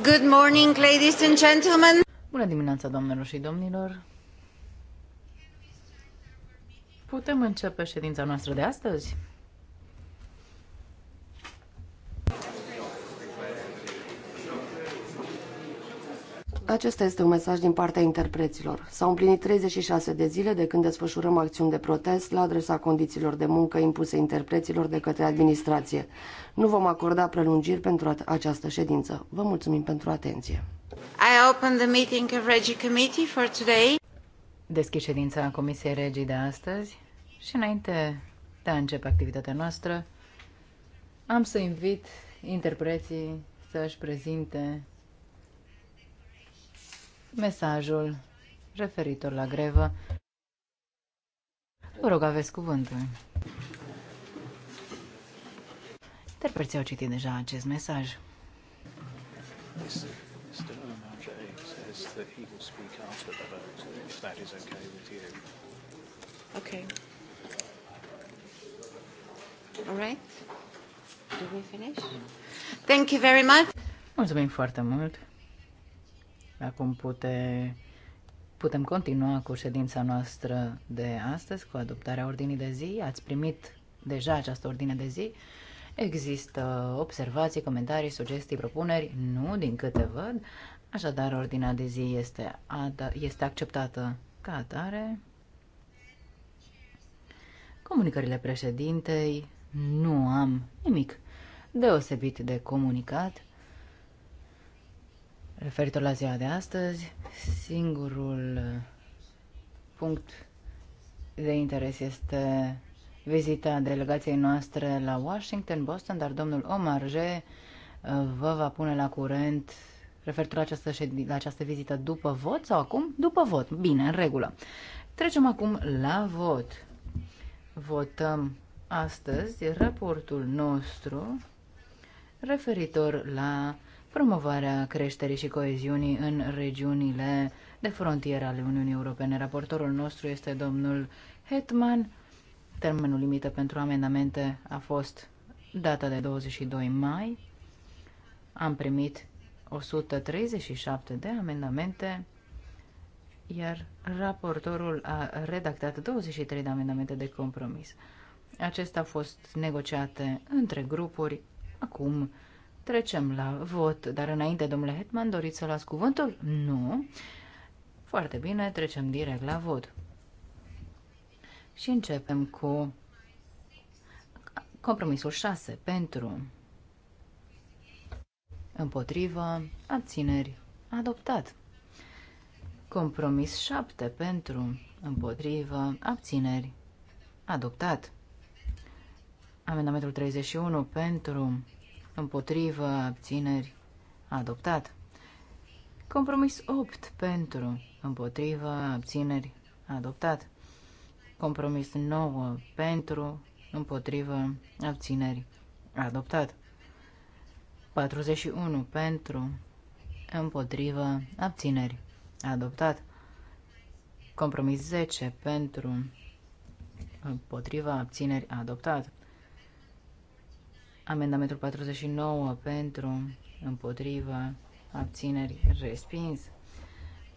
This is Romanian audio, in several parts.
Good morning, ladies and gentlemen. Bună dimineața, doamnelor și domnilor. Putem începe ședința noastră de astăzi? Acesta este un mesaj din partea interpreților. S-au împlinit 36 de zile de când desfășurăm acțiuni de protest la adresa condițiilor de muncă impuse interpreților de către administrație. Nu vom acorda prelungiri pentru această ședință. Vă mulțumim pentru atenție. I open the meeting of Regi Committee for today. Deschid ședința Comisiei Regii de astăzi și înainte de a începe activitatea noastră, am să invit interpreții să-și prezinte mesajul referitor la grevă. Vă rog, aveți cuvântul. Interpreții au citit deja acest mesaj. Okay. All right. Do we finish? Thank you very much. Mulțumim foarte mult. Acum pute, putem continua cu ședința noastră de astăzi, cu adoptarea ordinii de zi. Ați primit deja această ordine de zi. Există observații, comentarii, sugestii, propuneri? Nu, din câte văd. Așadar, ordinea de zi este, este acceptată ca atare. Comunicările președintei, nu am nimic deosebit de comunicat referitor la ziua de astăzi. Singurul uh, punct de interes este vizita delegației noastre la Washington, Boston, dar domnul Omar, G. Uh, vă va pune la curent referitor la această, la această vizită după vot sau acum? După vot. Bine, în regulă. Trecem acum la vot. Votăm astăzi raportul nostru referitor la promovarea creșterii și coeziunii în regiunile de frontieră ale Uniunii Europene. Raportorul nostru este domnul Hetman. Termenul limită pentru amendamente a fost data de 22 mai. Am primit 137 de amendamente, iar raportorul a redactat 23 de amendamente de compromis. Acestea au fost negociate între grupuri. Acum Trecem la vot, dar înainte, domnule Hetman, doriți să luați cuvântul? Nu. Foarte bine, trecem direct la vot. Și începem cu compromisul 6 pentru împotrivă, abțineri, adoptat. Compromis 7 pentru împotrivă, abțineri, adoptat. Amendamentul 31 pentru împotrivă, abțineri, adoptat. Compromis 8 pentru, împotrivă, abțineri, adoptat. Compromis 9 pentru, împotrivă, abțineri, adoptat. 41 pentru, împotrivă, abțineri, adoptat. Compromis 10 pentru, împotriva, abțineri, adoptat. Amendamentul 49 pentru, împotriva, abțineri, respins.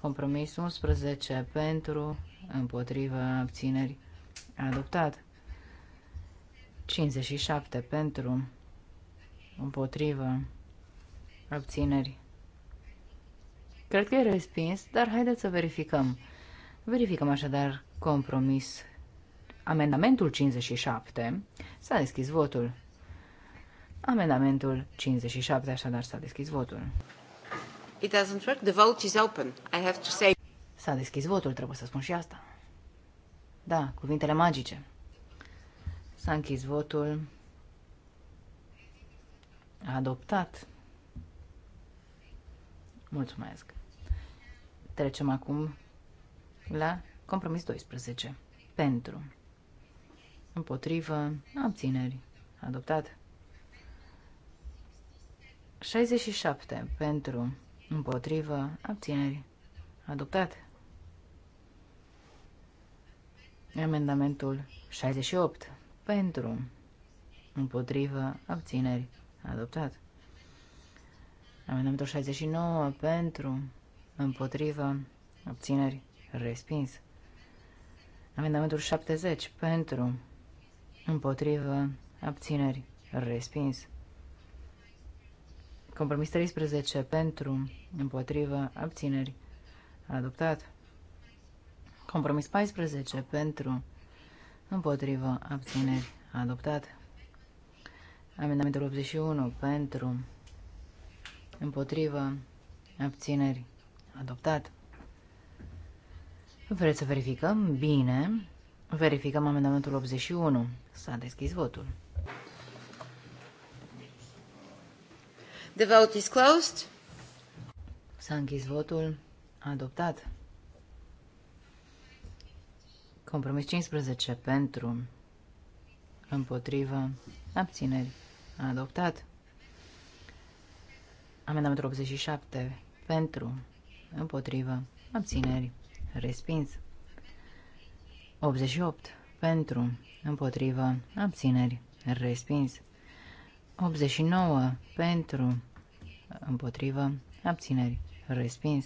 Compromis 11 pentru, împotriva, abțineri, adoptat. 57 pentru, împotriva, abțineri. Cred că e respins, dar haideți să verificăm. Verificăm așadar compromis. Amendamentul 57 s-a deschis votul. Amendamentul 57, așadar s-a deschis votul. It doesn't work. The vote is open. I have to say. S-a deschis votul, trebuie să spun și asta. Da, cuvintele magice. S-a închis votul. A adoptat. Mulțumesc. Trecem acum la compromis 12. Pentru. Împotrivă. Abțineri. Adoptat. 67 pentru, împotrivă, abțineri. Adoptat. Amendamentul 68 pentru, împotrivă, abțineri. Adoptat. Amendamentul 69 pentru, împotrivă, abțineri. Respins. Amendamentul 70 pentru, împotrivă, abțineri. Respins. Compromis 13 pentru, împotrivă, abțineri, adoptat. Compromis 14 pentru, împotrivă, abțineri, adoptat. Amendamentul 81 pentru, împotrivă, abțineri, adoptat. Vreți să verificăm? Bine. Verificăm amendamentul 81. S-a deschis votul. The vote is closed. S-a închis votul. Adoptat. Compromis 15 pentru, împotrivă, abțineri. Adoptat. Amendamentul 87 pentru, împotrivă, abțineri. Respins. 88 pentru, împotrivă, abțineri. Respins. 89 pentru, împotrivă, abțineri, respins.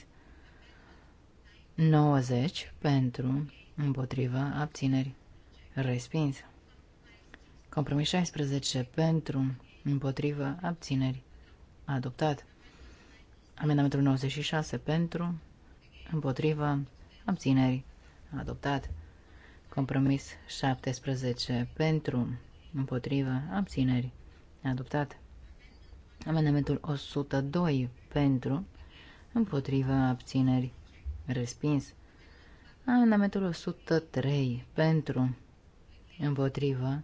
90 pentru, împotrivă, abțineri, respins. Compromis 16 pentru, împotrivă, abțineri, adoptat. Amendamentul 96 pentru, împotrivă, abțineri, adoptat. Compromis 17 pentru, împotrivă, abțineri, Adoptat. Amendamentul 102 pentru, împotriva abțineri, respins. Amendamentul 103 pentru, împotriva,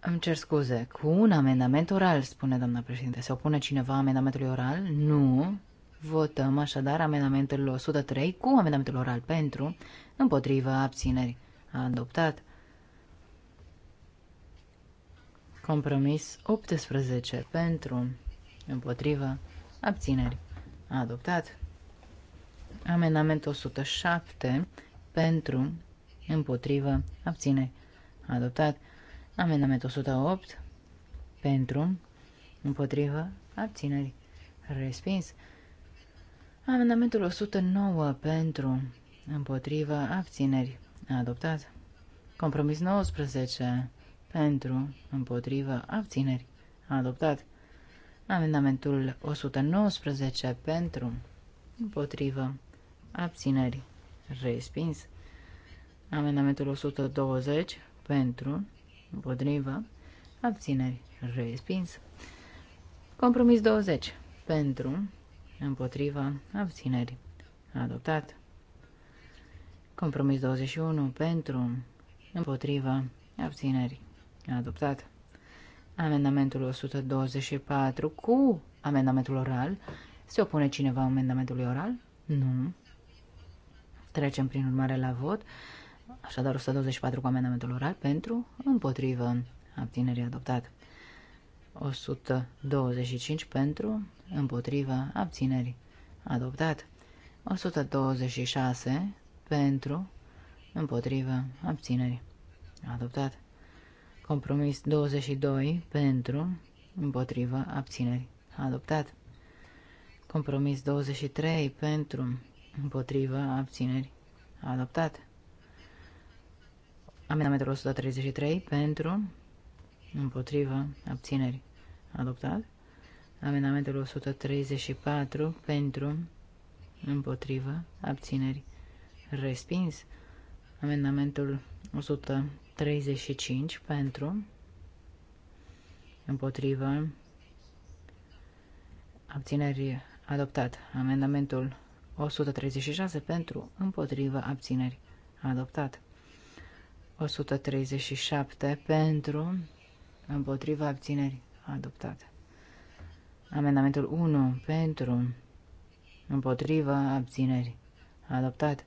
Îmi cer scuze, cu un amendament oral, spune doamna președinte. Se opune cineva amendamentului oral? Nu. Votăm așadar amendamentul 103 cu amendamentul oral pentru, împotrivă abțineri. Adoptat. Compromis 18 pentru, împotrivă, abțineri. Adoptat. Amendament 107 pentru, împotrivă, abțineri. Adoptat. Amendament 108 pentru, împotrivă, abțineri. Respins. Amendamentul 109 pentru, împotrivă, abțineri. Adoptat. Compromis 19 pentru, împotrivă, abțineri, adoptat. Amendamentul 119 pentru, împotrivă, abțineri, respins. Amendamentul 120 pentru, împotrivă, abțineri, respins. Compromis 20 pentru, împotrivă, abțineri, adoptat. Compromis 21 pentru, împotrivă, abțineri, Adoptat. Amendamentul 124 cu amendamentul oral. Se opune cineva amendamentului oral? Nu. Trecem prin urmare la vot. Așadar 124 cu amendamentul oral pentru, împotrivă, abținerii adoptat. 125 pentru, împotrivă, abținerii Adoptat. 126 pentru, împotrivă, abținerii Adoptat. Compromis 22 pentru, împotrivă, abțineri. Adoptat. Compromis 23 pentru, împotrivă, abțineri. Adoptat. Amendamentul 133 pentru, împotrivă, abțineri. Adoptat. Amendamentul 134 pentru, împotrivă, abțineri. Respins. Amendamentul 100. 35 pentru, împotrivă, abțineri adoptat. Amendamentul 136 pentru, împotrivă, abțineri adoptat. 137 pentru, împotrivă, abțineri adoptat. Amendamentul 1 pentru, împotrivă, abțineri adoptat.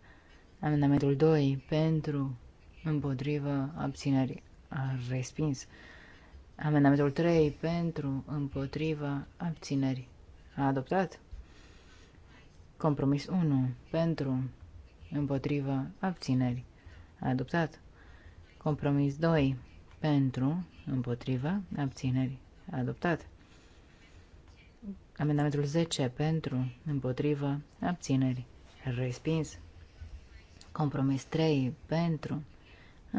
Amendamentul 2 pentru, împotrivă, A respins. Amendamentul 3 pentru, împotrivă, A adoptat. Compromis 1 pentru, împotrivă, A adoptat. Compromis 2 pentru, împotrivă, A adoptat. Amendamentul 10 pentru, împotrivă, abțineri, respins. Compromis 3 pentru,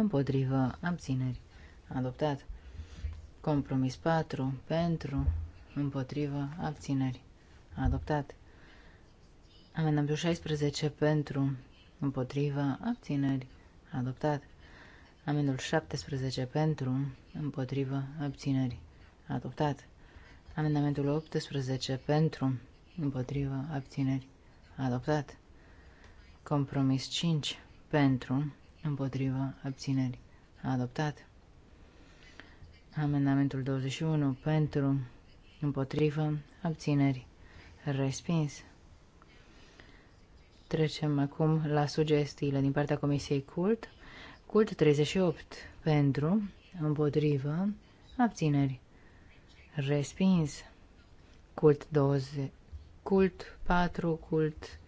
împotrivă, abțineri, adoptat. Compromis 4, pentru, împotrivă, abțineri, adoptat. Amendamentul 16, pentru, împotrivă, abțineri, adoptat. Amendul 17, pentru, împotrivă, abțineri, adoptat. Amendamentul 18, pentru, împotrivă, abțineri, adoptat. Compromis 5, pentru, împotriva abțineri. Adoptat. Amendamentul 21 pentru, împotriva abținerii. Respins. Trecem acum la sugestiile din partea Comisiei Cult. Cult 38 pentru, împotriva abțineri. Respins. Cult 20. Cult 4, cult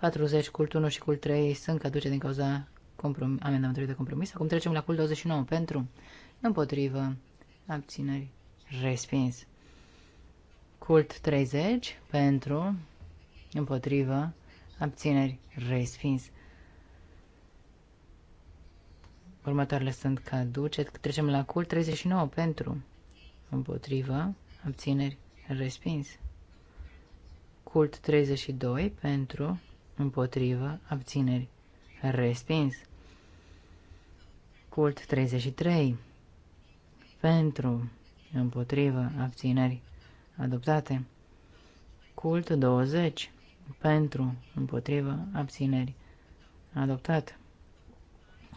40, cult 1 și cult 3 sunt caduce din cauza comprom- amendamentului de compromis. Acum trecem la cul 29 pentru, împotrivă, abțineri, respins. Cult 30 pentru, împotrivă, abțineri, respins. Următoarele sunt caduce. Trecem la cult 39 pentru, împotrivă, abțineri, respins. Cult 32 pentru, împotrivă, abțineri, respins. Cult 33. Pentru, împotrivă, abțineri adoptate. Cult 20. Pentru, împotrivă, abțineri adoptat.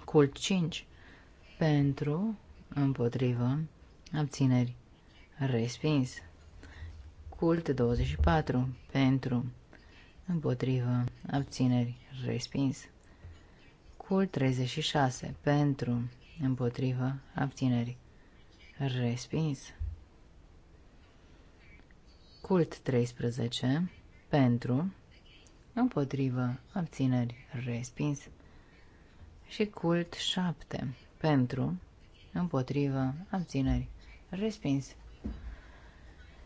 Cult 5. Pentru, împotrivă, abțineri respins. Cult 24. Pentru, împotrivă, abțineri respins. Cult 36. Pentru, împotrivă, abțineri. Respins. Cult 13. Pentru, împotrivă, abțineri. Respins. Și cult 7. Pentru, împotrivă, abțineri. Respins.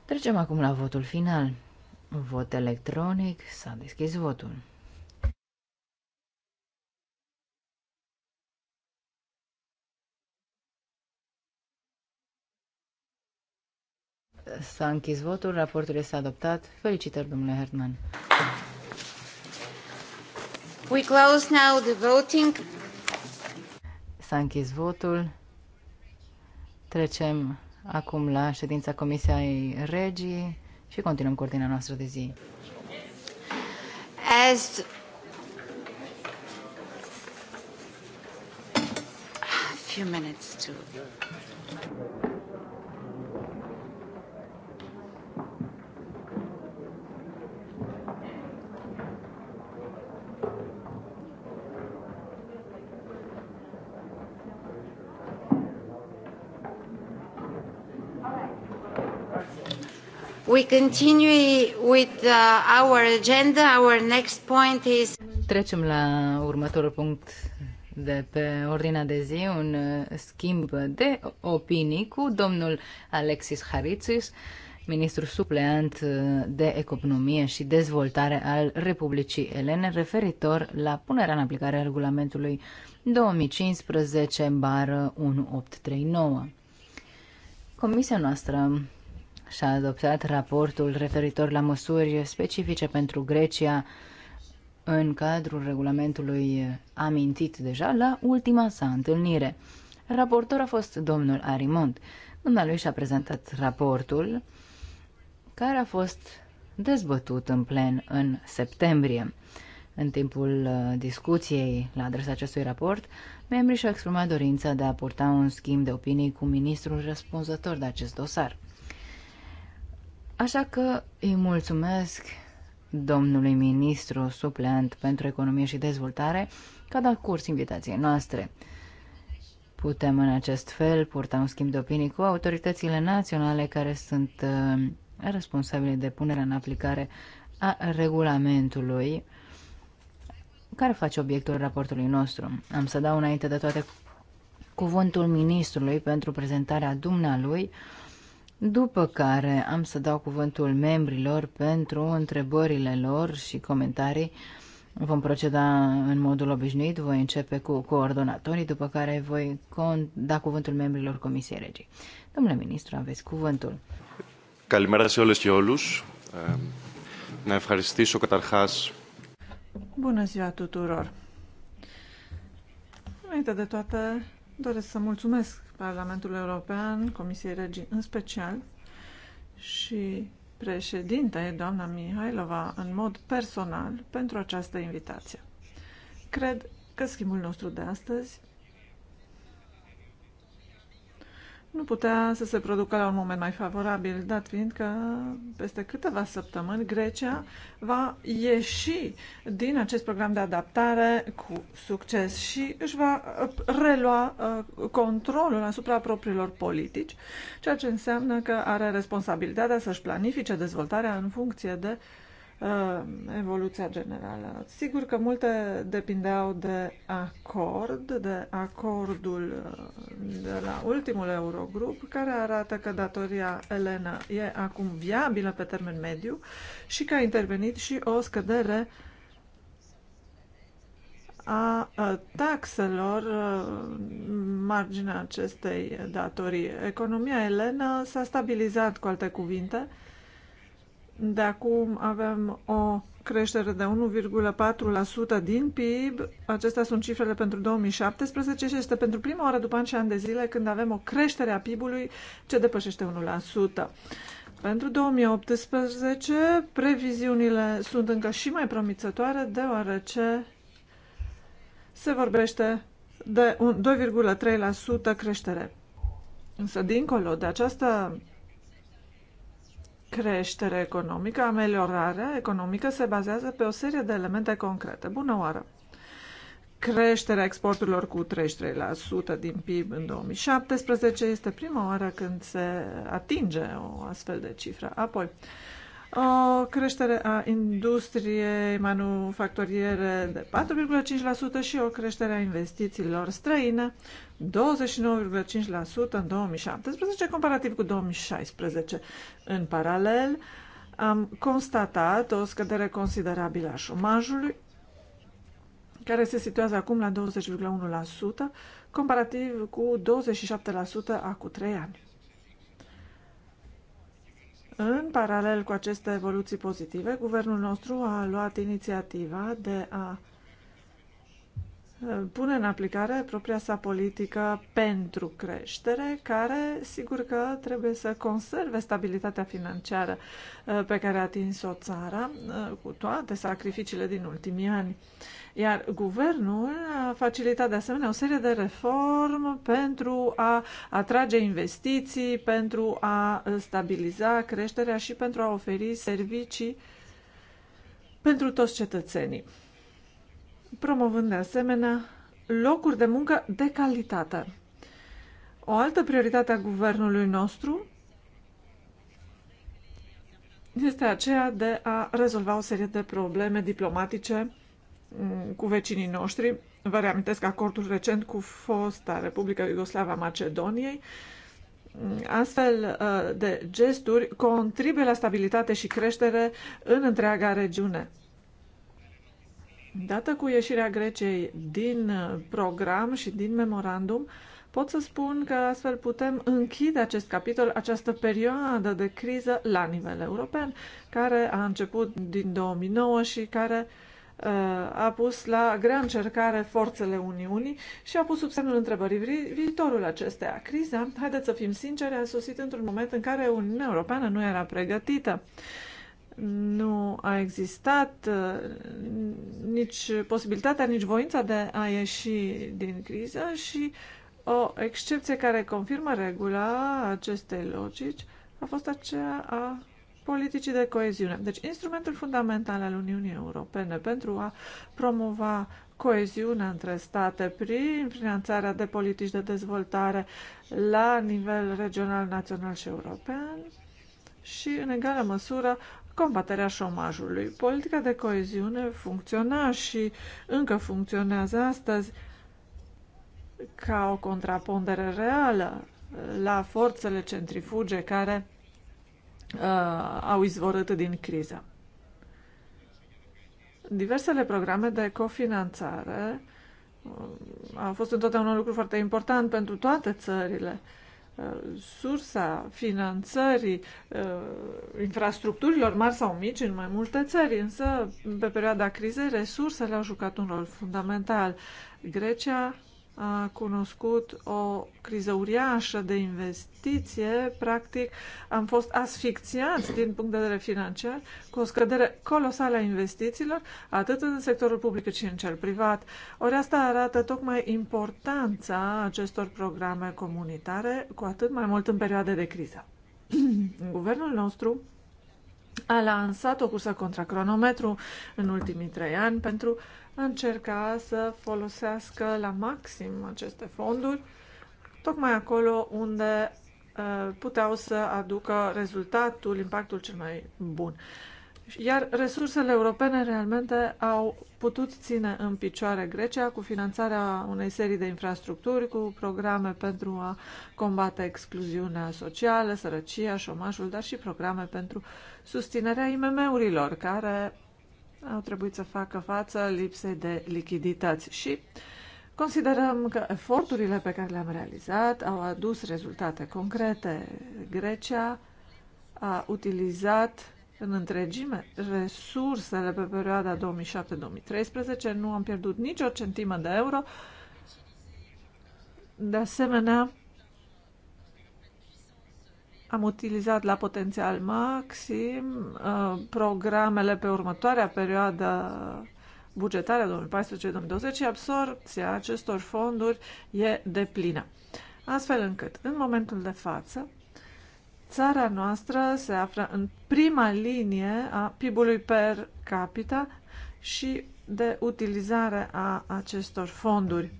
Trecem acum la votul final. Vot electronic. S-a deschis votul. S-a închis votul, raportul este adoptat. Felicitări, domnule Herman. We close now the voting. S-a închis votul. Trecem acum la ședința Comisiei Regii și continuăm cu ordinea noastră de zi. As few minutes to We continue with uh, our agenda. Our next point is... Trecem la următorul punct de pe ordinea de zi, un uh, schimb de opinii cu domnul Alexis Haritsis, ministru supleant uh, de economie și dezvoltare al Republicii Elene, referitor la punerea în aplicare a regulamentului 2015 bară 1839. Comisia noastră și-a adoptat raportul referitor la măsuri specifice pentru Grecia în cadrul regulamentului amintit deja la ultima sa întâlnire. Raportor a fost domnul Arimont. Dumnealui și-a prezentat raportul care a fost dezbătut în plen în septembrie. În timpul uh, discuției la adresa acestui raport, membrii și-au exprimat dorința de a purta un schimb de opinii cu ministrul răspunzător de acest dosar. Așa că îi mulțumesc domnului ministru suplant pentru economie și dezvoltare că a dat curs invitației noastre. Putem în acest fel purta un schimb de opinii cu autoritățile naționale care sunt uh, responsabile de punerea în aplicare a regulamentului care face obiectul raportului nostru. Am să dau înainte de toate cuvântul ministrului pentru prezentarea dumnealui, după care am să dau cuvântul membrilor pentru întrebările lor și comentarii. Vom proceda în modul obișnuit, voi începe cu coordonatorii, după care voi da cuvântul membrilor Comisiei Regii. Domnule ministru, aveți cuvântul. Καλημέρα σε όλες και όλους. Να ευχαριστήσω καταρχάς... Bună ziua tuturor! Înainte de toate, doresc să mulțumesc Parlamentul European, Comisiei Regii în special și președinta e doamna Mihailova, în mod personal pentru această invitație. Cred că schimbul nostru de astăzi nu putea să se producă la un moment mai favorabil, dat fiind că peste câteva săptămâni Grecia va ieși din acest program de adaptare cu succes și își va uh, relua uh, controlul asupra propriilor politici, ceea ce înseamnă că are responsabilitatea să-și planifice dezvoltarea în funcție de Uh, evoluția generală. Sigur că multe depindeau de acord, de acordul uh, de la ultimul Eurogrup, care arată că datoria Elena e acum viabilă pe termen mediu și că a intervenit și o scădere a taxelor uh, marginea acestei datorii. Economia elenă s-a stabilizat, cu alte cuvinte, de acum avem o creștere de 1,4% din PIB. Acestea sunt cifrele pentru 2017 și este pentru prima oară după și ani de zile când avem o creștere a PIB-ului ce depășește 1%. Pentru 2018, previziunile sunt încă și mai promițătoare, deoarece se vorbește de 2,3% creștere. Însă, dincolo de această creștere economică, ameliorarea economică se bazează pe o serie de elemente concrete. Bună oară! Creșterea exporturilor cu 33% din PIB în 2017 este prima oară când se atinge o astfel de cifră. Apoi, o creștere a industriei manufacturiere de 4,5% și o creștere a investițiilor străine 29,5% în 2017 comparativ cu 2016. În paralel, am constatat o scădere considerabilă a șomajului, care se situează acum la 20,1%, comparativ cu 27% acum 3 ani. În paralel cu aceste evoluții pozitive, guvernul nostru a luat inițiativa de a uh, pune în aplicare propria sa politică pentru creștere, care sigur că trebuie să conserve stabilitatea financiară uh, pe care a atins-o țara uh, cu toate sacrificiile din ultimii ani. Iar guvernul a facilitat de asemenea o serie de reforme pentru a atrage investiții, pentru a stabiliza creșterea și pentru a oferi servicii pentru toți cetățenii, promovând de asemenea locuri de muncă de calitate. O altă prioritate a guvernului nostru este aceea de a rezolva o serie de probleme diplomatice Mm, cu vecinii noștri. Vă reamintesc acordul recent cu fosta Republica Iugoslava Macedoniei. Mm, astfel uh, de gesturi contribuie la stabilitate și creștere în întreaga regiune. Dată cu ieșirea Greciei din uh, program și din memorandum, pot să spun că astfel putem închide acest capitol, această perioadă de criză la nivel european, care a început din 2009 și care uh, Uh, a pus la grea încercare forțele Uniunii și a pus sub semnul întrebării viitorul acesteia. Criza, haideți să fim sinceri, a sosit într-un moment în care Uniunea Europeană nu era pregătită. Nu a existat uh, nici posibilitatea, nici voința de a ieși din criză și o excepție care confirmă regula acestei logici a fost aceea a politicii de coeziune. Deci, instrumentul fundamental al Uniunii Europene pentru a promova coeziunea între state prin finanțarea de politici de dezvoltare la nivel regional, național și european și, în egală măsură, combaterea șomajului. Politica de coeziune funcționa și încă funcționează astăzi ca o contrapondere reală la forțele centrifuge care uh, au izvorât din criză. Diversele programe de cofinanțare uh, au fost întotdeauna un lucru foarte important pentru toate țările. Uh, sursa finanțării uh, infrastructurilor mari sau mici în mai multe țări, însă pe perioada crizei resursele au jucat un rol fundamental. Grecia a cunoscut o criză uriașă de investiție, practic am fost asfixiați din punct de vedere financiar, cu o scădere colosală a investițiilor, atât în sectorul public cât și în cel privat. Ori asta arată tocmai importanța acestor programe comunitare, cu atât mai mult în perioade de criză. Guvernul nostru a lansat o cursă contra cronometru în ultimii trei ani pentru încerca să folosească la maxim aceste fonduri, tocmai acolo unde uh, puteau să aducă rezultatul, impactul cel mai bun. Iar resursele europene realmente au putut ține în picioare Grecia cu finanțarea unei serii de infrastructuri, cu programe pentru a combate excluziunea socială, sărăcia, șomajul, dar și programe pentru susținerea IMM-urilor, care au trebuit să facă față lipsei de lichidități și considerăm că eforturile pe care le-am realizat au adus rezultate concrete. Grecia a utilizat în întregime resursele pe perioada 2007-2013, nu am pierdut nicio centimă de euro. De asemenea, am utilizat la potențial maxim uh, programele pe următoarea perioadă bugetară 2014-2020 și absorpția acestor fonduri e deplină. Astfel încât, în momentul de față, țara noastră se află în prima linie a PIB-ului per capita și de utilizare a acestor fonduri.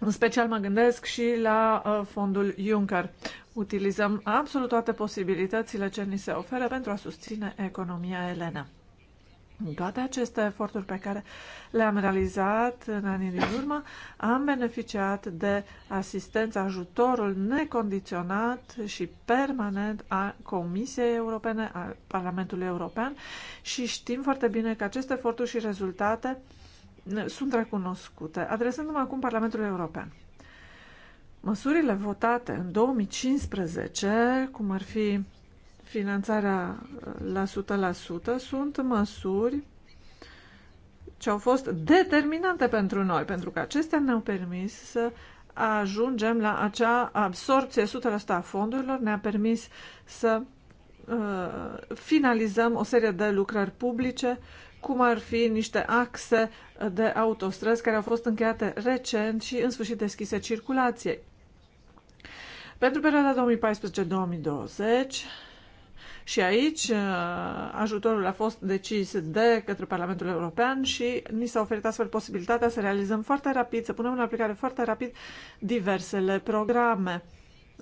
În special mă gândesc și la uh, fondul Juncker. Utilizăm absolut toate posibilitățile ce ni se oferă pentru a susține economia elenă. Toate aceste eforturi pe care le-am realizat în anii din urmă, am beneficiat de asistența, ajutorul necondiționat și permanent a Comisiei Europene, a Parlamentului European și știm foarte bine că aceste eforturi și rezultate uh, sunt recunoscute. Adresându-mă acum Parlamentului European. Măsurile votate în 2015, cum ar fi finanțarea uh, la 100%, sunt măsuri ce au fost determinante pentru noi, pentru că acestea ne-au permis să ajungem la acea absorpție 100% a fondurilor, ne-a permis să uh, finalizăm o serie de lucrări publice cum ar fi niște axe de autostrăzi care au fost încheiate recent și în sfârșit deschise circulației. Pentru perioada 2014-2020, și aici uh, ajutorul a fost decis de către Parlamentul European și ni s-a oferit astfel posibilitatea să realizăm foarte rapid, să punem în aplicare foarte rapid diversele programe.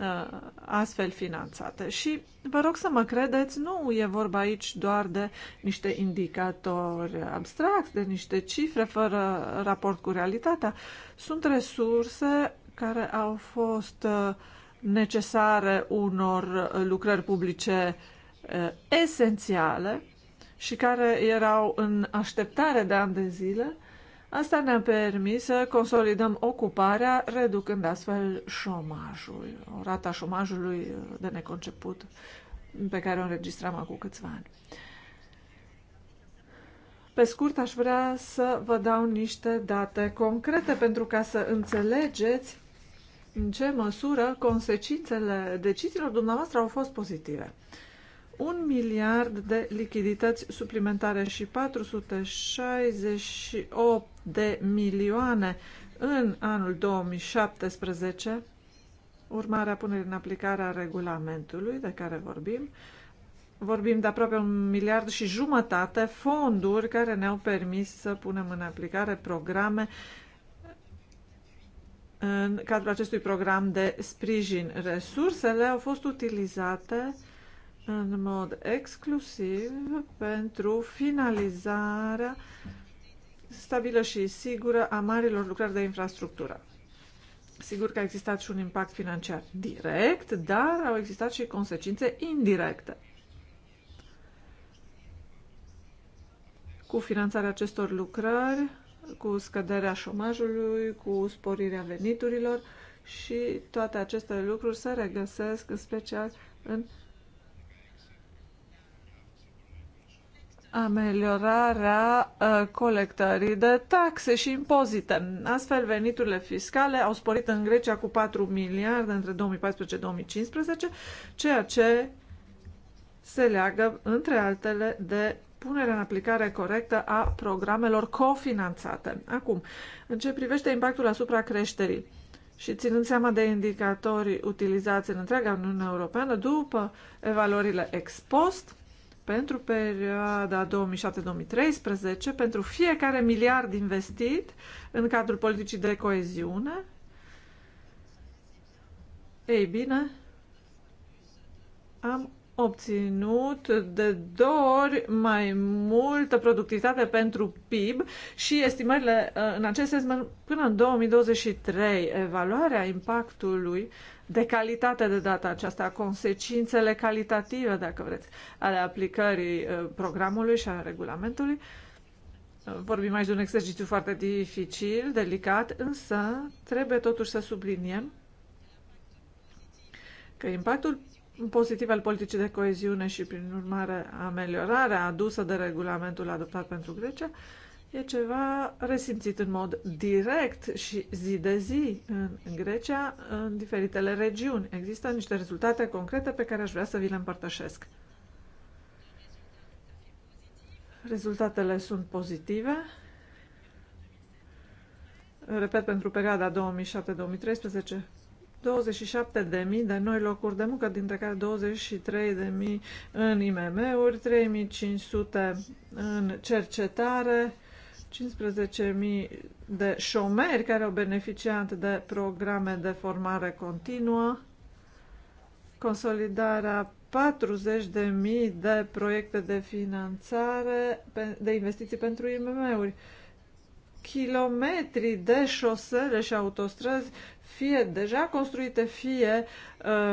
Uh, astfel finanțate. Și vă rog să mă credeți, nu e vorba aici doar de niște indicatori abstracti, de niște cifre fără raport cu realitatea. Sunt resurse care au fost uh, necesare unor uh, lucrări publice esențiale și care erau în așteptare de ani de zile Asta ne-a permis să consolidăm ocuparea, reducând astfel șomajul, rata șomajului de neconceput pe care o înregistram acum câțiva ani. Pe scurt, aș vrea să vă dau niște date concrete pentru ca să înțelegeți în ce măsură consecințele deciziilor dumneavoastră au fost pozitive. Uh, 1 miliard de lichidități suplimentare și 468 de milioane în anul 2017, urmarea punerii în aplicare a regulamentului de care vorbim, vorbim de aproape un miliard și jumătate fonduri care ne-au permis să punem în aplicare programe în cadrul acestui program de sprijin. Resursele au fost utilizate în mod exclusiv pentru finalizarea stabilă și sigură a marilor lucrări de infrastructură. Sigur că a existat și un impact financiar direct, dar au existat și consecințe indirecte. Cu finanțarea acestor lucrări, cu scăderea șomajului, cu sporirea veniturilor și toate aceste lucruri se regăsesc în special în ameliorarea uh, colectării de taxe și impozite. Astfel, veniturile fiscale au sporit în Grecia cu 4 miliarde între 2014-2015, ceea ce se leagă, între altele, de punerea în aplicare corectă a programelor cofinanțate. Acum, în ce privește impactul asupra creșterii și ținând seama de indicatorii utilizați în întreaga Uniune Europeană, după evaluările ex post, pentru perioada 2007-2013 pentru fiecare miliard investit în cadrul politicii de coeziune. Ei bine, am obținut de două ori mai multă productivitate pentru PIB și estimările uh, în acest sens până în 2023. Evaluarea impactului de calitate de data aceasta, consecințele calitative, dacă vreți, ale aplicării uh, programului și a regulamentului. Uh, vorbim aici de un exercițiu foarte dificil, delicat, însă trebuie totuși să subliniem că impactul pozitiv al politicii de coeziune și, prin urmare, ameliorarea adusă de regulamentul adoptat pentru Grecia, e ceva resimțit în mod direct și zi de zi în Grecia, în diferitele regiuni. Există niște rezultate concrete pe care aș vrea să vi le împărtășesc. Rezultatele sunt pozitive. Repet, pentru perioada 2007-2013, 27.000 de noi locuri de muncă, dintre care 23.000 în IMM-uri, 3.500 în cercetare, 15.000 de șomeri care au beneficiat de programe de formare continuă, consolidarea 40.000 de proiecte de finanțare, de investiții pentru IMM-uri, kilometri de șosele și autostrăzi, fie deja construite, fie,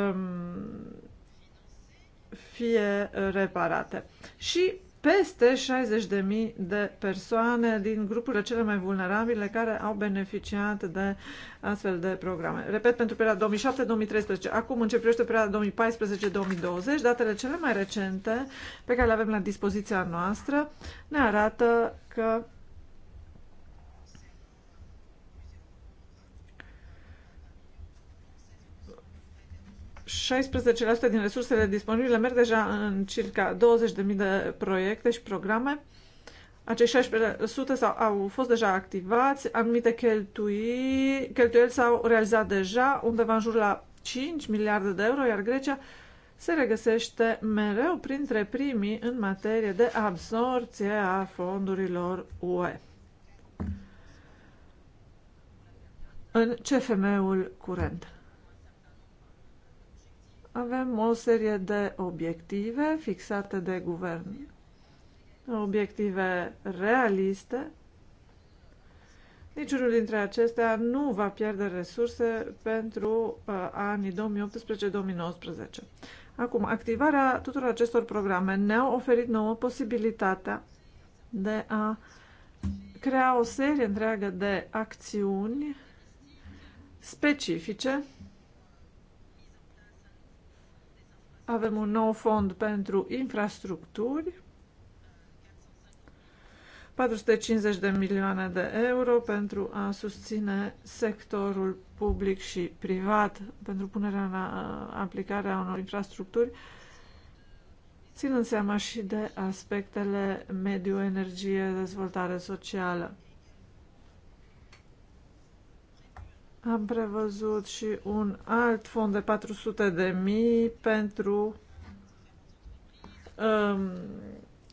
um, fie reparate. Și peste 60.000 de persoane din grupurile cele mai vulnerabile care au beneficiat de astfel de programe. Repet, pentru perioada 2007-2013, acum începește perioada 2014-2020, datele cele mai recente pe care le avem la dispoziția noastră ne arată că 16% din resursele disponibile merg deja în circa 20.000 de proiecte și programe. Acești 16% au fost deja activați, anumite cheltui, cheltuieli s-au realizat deja, undeva în jur la 5 miliarde de euro, iar Grecia se regăsește mereu printre primii în materie de absorție a fondurilor UE. În CFM-ul curent avem o serie de obiective fixate de guvern, obiective realiste. Niciunul dintre acestea nu va pierde resurse pentru uh, anii 2018-2019. Acum, activarea tuturor acestor programe ne-a oferit nouă posibilitatea de a crea o serie întreagă de acțiuni specifice Avem un nou fond pentru infrastructuri, 450 de milioane de euro pentru a susține sectorul public și privat pentru punerea în aplicare a unor infrastructuri, ținând seama și de aspectele mediu, energie, dezvoltare socială. Am prevăzut și un alt fond de 400 de mii pentru um,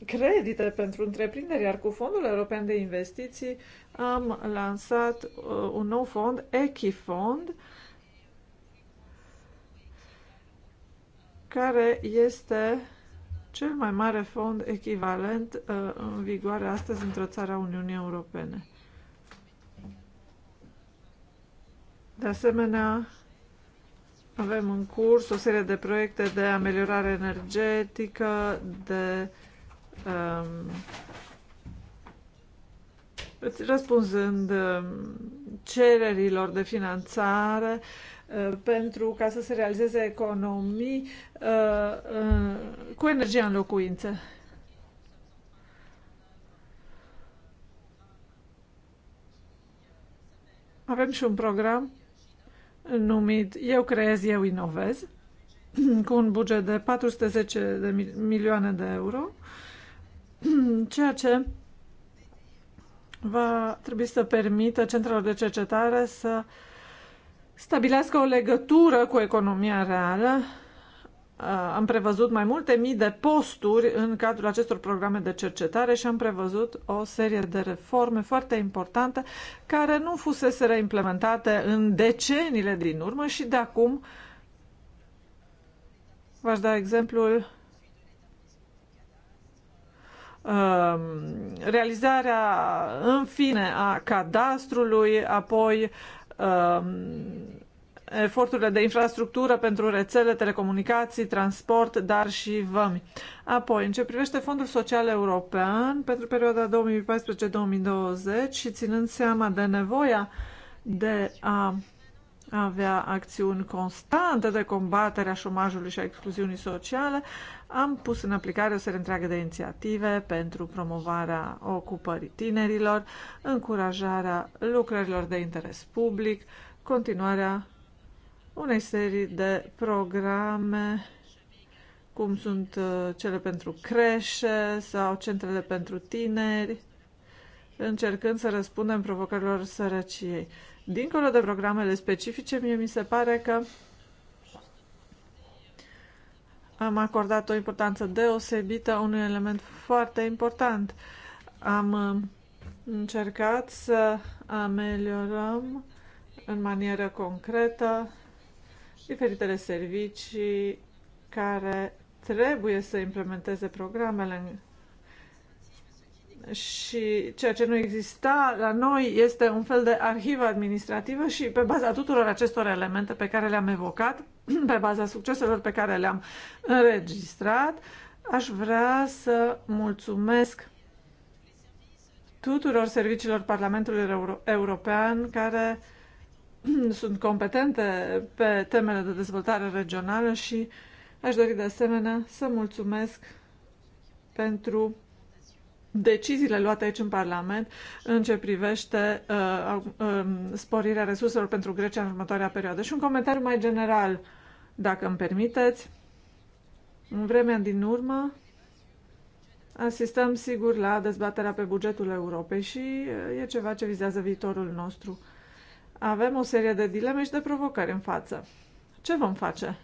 credite pentru întreprinderi, iar cu Fondul European de Investiții am lansat uh, un nou fond, Echifond, care este cel mai mare fond echivalent uh, în vigoare astăzi într-o țară a Uniunii Europene. De asemenea, avem în curs o serie de proiecte de ameliorare energetică, de um, răspunzând um, cererilor de finanțare uh, pentru ca să se realizeze economii uh, uh, cu energia în locuință. Avem și un program numit Eu creez, eu inovez, cu un buget de 410 de milioane de euro, ceea ce va trebui să permită centrelor de cercetare să stabilească o legătură cu economia reală Uh, am prevăzut mai multe mii de posturi în cadrul acestor programe de cercetare și am prevăzut o serie de reforme foarte importante care nu fusese implementate în deceniile din urmă și de acum v-aș da exemplul um, realizarea în fine a cadastrului, apoi um, eforturile de infrastructură pentru rețele, telecomunicații, transport, dar și vămi. Apoi, în ce privește Fondul Social European pentru perioada 2014-2020 și ținând seama de nevoia de a avea acțiuni constante de combatere a șomajului și a excluziunii sociale, am pus în aplicare o serie întreagă de inițiative pentru promovarea ocupării tinerilor, încurajarea lucrărilor de interes public, continuarea unei serii de programe, cum sunt uh, cele pentru creșe sau centrele pentru tineri, încercând să răspundem provocărilor sărăciei. Dincolo de programele specifice, mie mi se pare că am acordat o importanță deosebită unui element foarte important. Am uh, încercat să ameliorăm în manieră concretă diferitele servicii care trebuie să implementeze programele și ceea ce nu exista la noi este un fel de arhivă administrativă și pe baza tuturor acestor elemente pe care le-am evocat, pe baza succeselor pe care le-am înregistrat, aș vrea să mulțumesc tuturor serviciilor Parlamentului Euro- European care sunt competente pe temele de dezvoltare regională și aș dori de asemenea să mulțumesc pentru deciziile luate aici în Parlament în ce privește uh, uh, sporirea resurselor pentru Grecia în următoarea perioadă. Și un comentariu mai general, dacă îmi permiteți. În vremea din urmă, asistăm sigur la dezbaterea pe bugetul Europei și uh, e ceva ce vizează viitorul nostru. Avem o serie de dileme și de provocări în față. Ce vom face?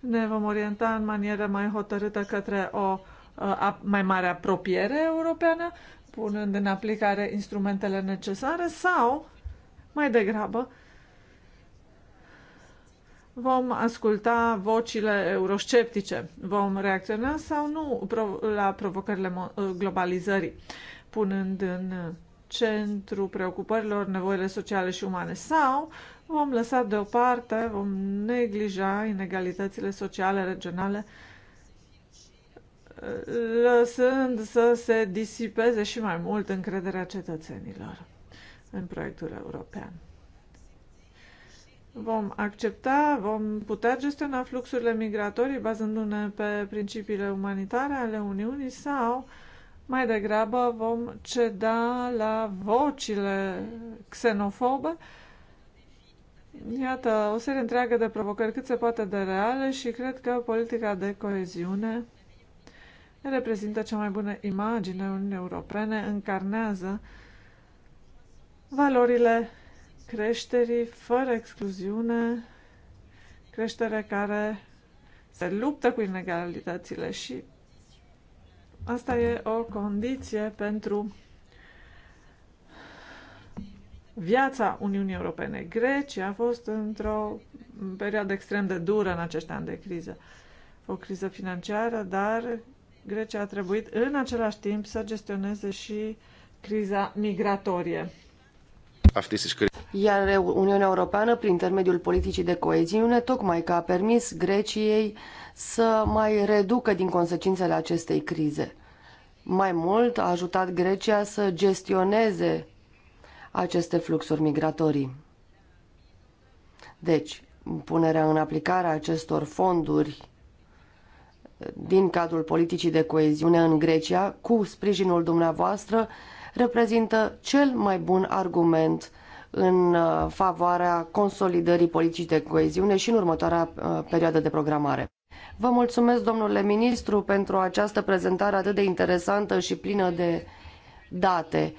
Ne vom orienta în manieră mai hotărâtă către o uh, a, mai mare apropiere europeană, punând în aplicare instrumentele necesare sau, mai degrabă, vom asculta vocile eurosceptice, vom reacționa sau nu la provocările globalizării, punând în centru preocupărilor nevoile sociale și umane sau vom lăsa deoparte, vom neglija inegalitățile sociale regionale lăsând să se disipeze și mai mult încrederea cetățenilor în proiectul european. Vom accepta, vom putea gestiona fluxurile migratorii bazându-ne pe principiile umanitare ale Uniunii sau uh, mai degrabă vom ceda la vocile xenofobe. Iată, o serie întreagă de provocări cât se poate de reale și cred că politica de coeziune reprezintă cea mai bună imagine a Uniunii Europene, încarnează valorile creșterii fără excluziune, creștere care se luptă cu inegalitățile și Asta e o condiție pentru viața Uniunii Europene. Grecia a fost într-o perioadă extrem de dură în acești ani de criză. O criză financiară, dar Grecia a trebuit în același timp să gestioneze și criza migratorie. Iar Uniunea Europeană, prin intermediul politicii de coeziune, tocmai că a permis Greciei să mai reducă din consecințele acestei crize. Mai mult, a ajutat Grecia să gestioneze aceste fluxuri migratorii. Deci, punerea în aplicare a acestor fonduri din cadrul politicii de coeziune în Grecia, cu sprijinul dumneavoastră, reprezintă cel mai bun argument în uh, favoarea consolidării politicii de coeziune și în următoarea uh, perioadă de programare. Vă mulțumesc, domnule ministru, pentru această prezentare atât de interesantă și plină de date.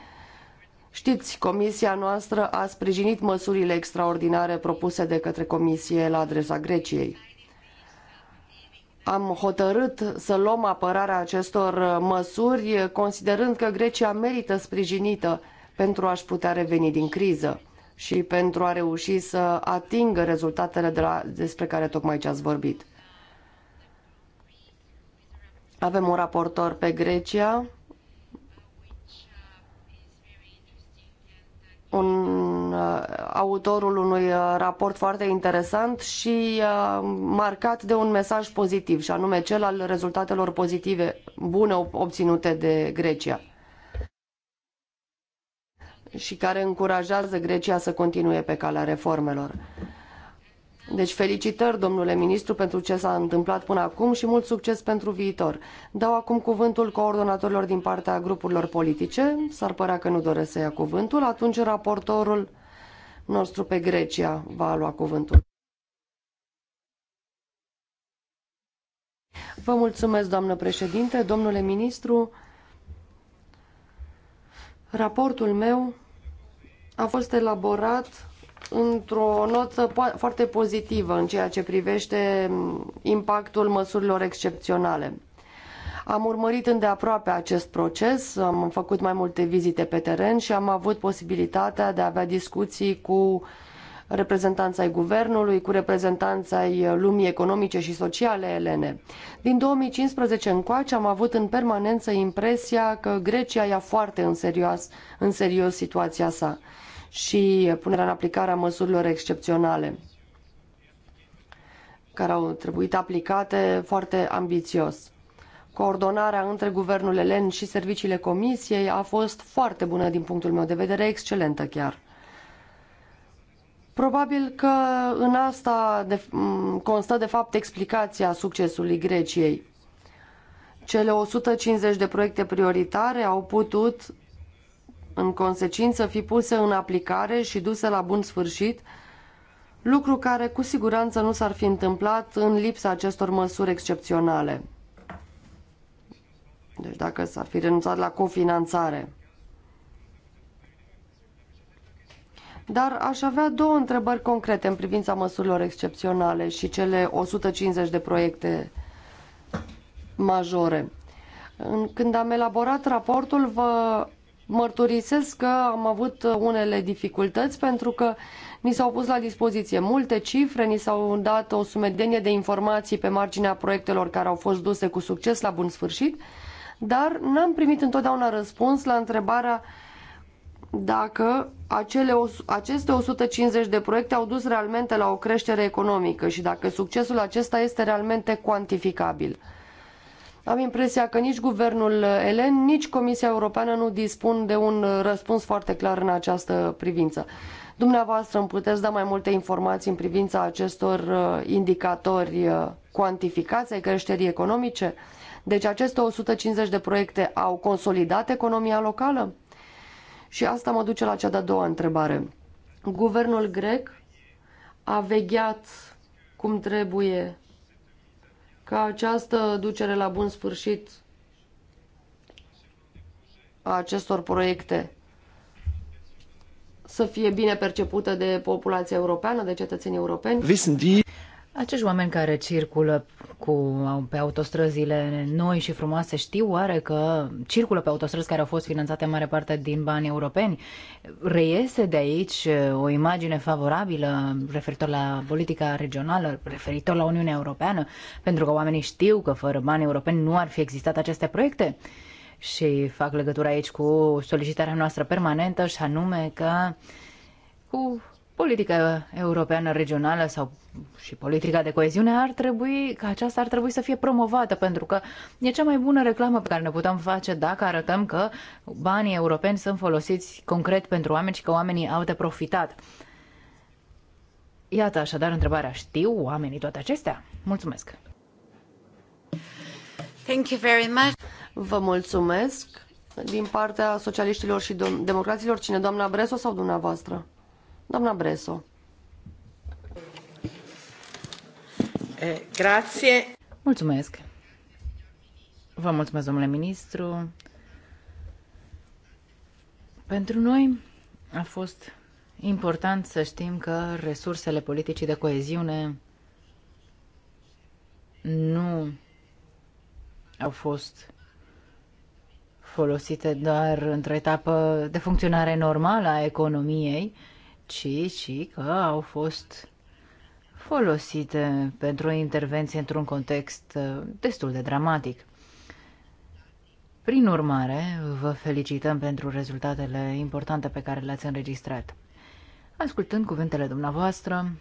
Știți, comisia noastră a sprijinit măsurile extraordinare propuse de către comisie la adresa Greciei. Am hotărât să luăm apărarea acestor măsuri, considerând că Grecia merită sprijinită pentru a-și putea reveni din criză și pentru a reuși să atingă rezultatele de la, despre care tocmai ce ați vorbit. Avem un raportor pe Grecia, un uh, autorul unui uh, raport foarte interesant și uh, marcat de un mesaj pozitiv, și anume cel al rezultatelor pozitive bune obținute de Grecia și care încurajează Grecia să continue pe calea reformelor. Deci felicitări, domnule ministru, pentru ce s-a întâmplat până acum și mult succes pentru viitor. Dau acum cuvântul coordonatorilor din partea grupurilor politice. S-ar părea că nu doresc să ia cuvântul. Atunci raportorul nostru pe Grecia va lua cuvântul. Vă mulțumesc, doamnă președinte, domnule ministru. Raportul meu a fost elaborat într-o notă foarte pozitivă în ceea ce privește impactul măsurilor excepționale. Am urmărit îndeaproape acest proces, am făcut mai multe vizite pe teren și am avut posibilitatea de a avea discuții cu reprezentanța ai guvernului, cu reprezentanța ai lumii economice și sociale elene. Din 2015 încoace am avut în permanență impresia că Grecia ia foarte în serios, în serios situația sa și punerea în aplicare a măsurilor excepționale care au trebuit aplicate foarte ambițios. Coordonarea între guvernul elen și serviciile comisiei a fost foarte bună din punctul meu de vedere, excelentă chiar. Probabil că în asta de, constă de fapt explicația succesului Greciei. Cele 150 de proiecte prioritare au putut în consecință fi puse în aplicare și duse la bun sfârșit, lucru care cu siguranță nu s-ar fi întâmplat în lipsa acestor măsuri excepționale. Deci dacă s-ar fi renunțat la cofinanțare. Dar aș avea două întrebări concrete în privința măsurilor excepționale și cele 150 de proiecte majore. Când am elaborat raportul, vă Mărturisesc că am avut uh, unele dificultăți pentru că ni s-au pus la dispoziție multe cifre, ni s-au dat o sumedenie de informații pe marginea proiectelor care au fost duse cu succes la bun sfârșit, dar n-am primit întotdeauna răspuns la întrebarea dacă acele, aceste 150 de proiecte au dus realmente la o creștere economică și dacă succesul acesta este realmente cuantificabil. Am impresia că nici guvernul elen, nici Comisia Europeană nu dispun de un răspuns foarte clar în această privință. Dumneavoastră îmi puteți da mai multe informații în privința acestor uh, indicatori uh, cuantificați ai creșterii economice? Deci aceste 150 de proiecte au consolidat economia locală? Și asta mă duce la cea de-a doua întrebare. Guvernul grec a vegheat cum trebuie ca această ducere la bun sfârșit a acestor proiecte să fie bine percepută de populația europeană, de cetățenii europeni. Acești oameni care circulă cu, pe autostrăzile noi și frumoase știu oare că circulă pe autostrăzi care au fost finanțate în mare parte din bani europeni? Reiese de aici o imagine favorabilă referitor la politica regională, referitor la Uniunea Europeană, pentru că oamenii știu că fără bani europeni nu ar fi existat aceste proiecte? Și fac legătura aici cu solicitarea noastră permanentă și anume că cu politica europeană regională sau și politica de coeziune ar trebui, că aceasta ar trebui să fie promovată, pentru că e cea mai bună reclamă pe care ne putem face dacă arătăm că banii europeni sunt folosiți concret pentru oameni și că oamenii au de profitat. Iată așadar întrebarea, știu oamenii toate acestea? Mulțumesc! Thank you very much. Vă mulțumesc din partea socialiștilor și democraților, cine, doamna Breso sau dumneavoastră? Doamna Breso. Eh, grazie. Mulțumesc. Vă mulțumesc, domnule ministru. Pentru noi a fost important să știm că resursele politicii de coeziune nu au fost folosite doar într-o etapă de funcționare normală a economiei, ci și că au fost folosite pentru o intervenție într-un context uh, destul de dramatic. Prin urmare, vă felicităm pentru rezultatele importante pe care le-ați înregistrat. Ascultând cuvintele dumneavoastră,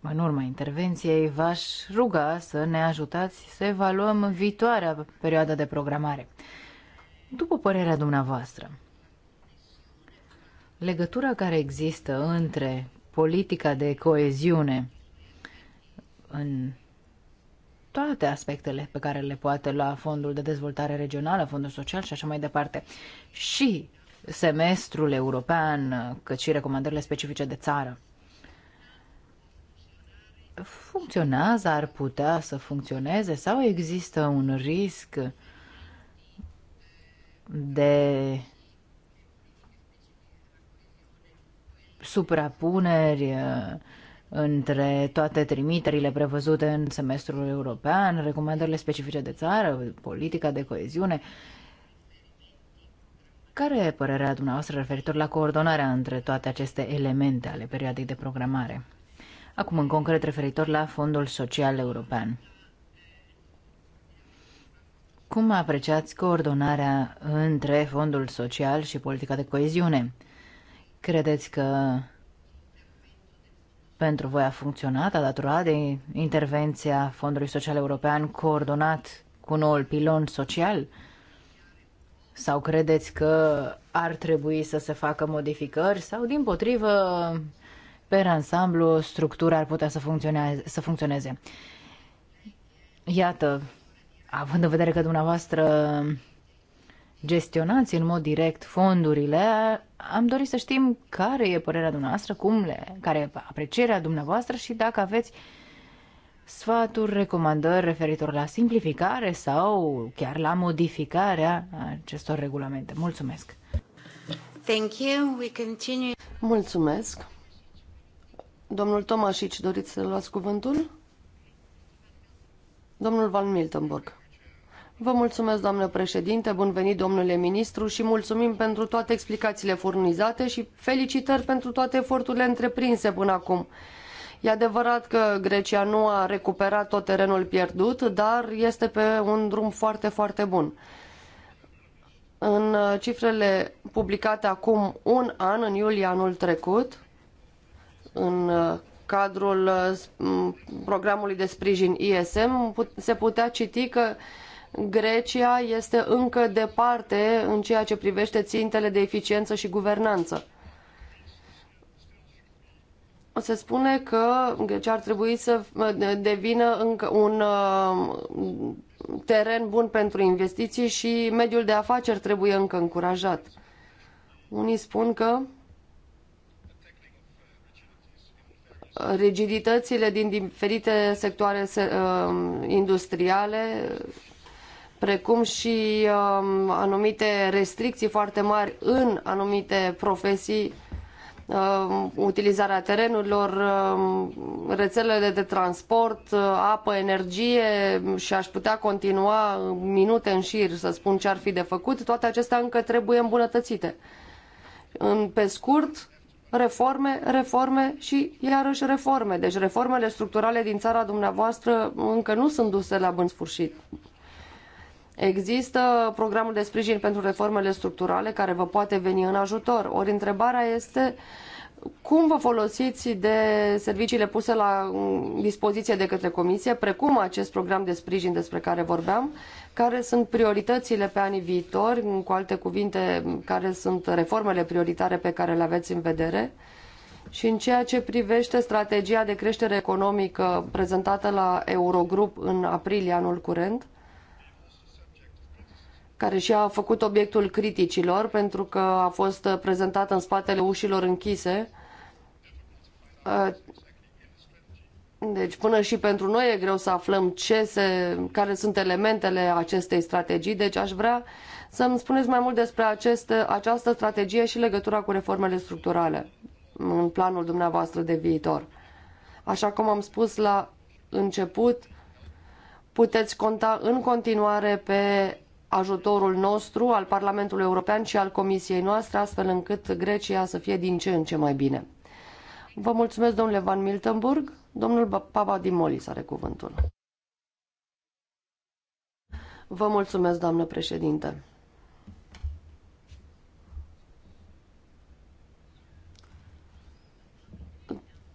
în urma intervenției, v-aș ruga să ne ajutați să evaluăm viitoarea perioadă de programare. După părerea dumneavoastră, legătura care există între politica de coeziune în toate aspectele pe care le poate lua Fondul de Dezvoltare Regională, Fondul Social și așa mai departe, și semestrul european, cât și recomandările specifice de țară. Funcționează, ar putea să funcționeze sau există un risc de suprapuneri uh, între toate trimiterile prevăzute în semestrul european, recomandările specifice de țară, politica de coeziune. Care e părerea dumneavoastră referitor la coordonarea între toate aceste elemente ale perioadei de programare? Acum, în concret, referitor la Fondul Social European. Cum apreciați coordonarea între Fondul Social și politica de coeziune? Credeți că pentru voi a funcționat, a datorat de intervenția Fondului Social European coordonat cu noul pilon social? Sau credeți că ar trebui să se facă modificări sau, din potrivă, pe ansamblu, structura ar putea să funcționeze? Să funcționeze? Iată, având în vedere că dumneavoastră gestionați în mod direct fondurile, am dorit să știm care e părerea dumneavoastră, cum le, care e aprecierea dumneavoastră și dacă aveți sfaturi, recomandări referitor la simplificare sau chiar la modificarea acestor regulamente. Mulțumesc! Thank you. We continue. Mulțumesc! Domnul Tomașici, doriți să luați cuvântul? Domnul Van Miltenburg. Vă mulțumesc, doamnă președinte, bun venit, domnule ministru, și mulțumim pentru toate explicațiile furnizate și felicitări pentru toate eforturile întreprinse până acum. E adevărat că Grecia nu a recuperat tot terenul pierdut, dar este pe un drum foarte, foarte bun. În cifrele publicate acum un an, în iulie anul trecut, în cadrul mm, programului de sprijin ISM, se putea citi că Grecia este încă departe în ceea ce privește țintele de eficiență și guvernanță. Se spune că Grecia ar trebui să devină încă un uh, teren bun pentru investiții și mediul de afaceri trebuie încă încurajat. Unii spun că rigiditățile din diferite sectoare uh, industriale precum și um, anumite restricții foarte mari în anumite profesii, um, utilizarea terenurilor, um, rețelele de transport, uh, apă, energie și aș putea continua minute în șir să spun ce ar fi de făcut, toate acestea încă trebuie îmbunătățite. În, pe scurt, reforme, reforme și iarăși reforme. Deci reformele structurale din țara dumneavoastră încă nu sunt duse la bun sfârșit. Există programul de sprijin pentru reformele structurale care vă poate veni în ajutor. Ori întrebarea este cum vă folosiți de serviciile puse la dispoziție de către Comisie, precum acest program de sprijin despre care vorbeam, care sunt prioritățile pe anii viitori, cu alte cuvinte, care sunt reformele prioritare pe care le aveți în vedere? Și în ceea ce privește strategia de creștere economică prezentată la Eurogrup în aprilie anul curent, care și a făcut obiectul criticilor pentru că a fost prezentată în spatele ușilor închise. Uh, deci până și pentru noi e greu să aflăm ce se, care sunt elementele acestei strategii, deci aș vrea să-mi spuneți mai mult despre această strategie și legătura cu reformele structurale în planul dumneavoastră de viitor. Așa cum am spus la început, puteți conta în continuare pe ajutorul nostru al Parlamentului European și al Comisiei noastre, astfel încât Grecia să fie din ce în ce mai bine. Vă mulțumesc, domnule Van Miltenburg. Domnul Papa Dimolis are cuvântul. Vă mulțumesc, doamnă președinte.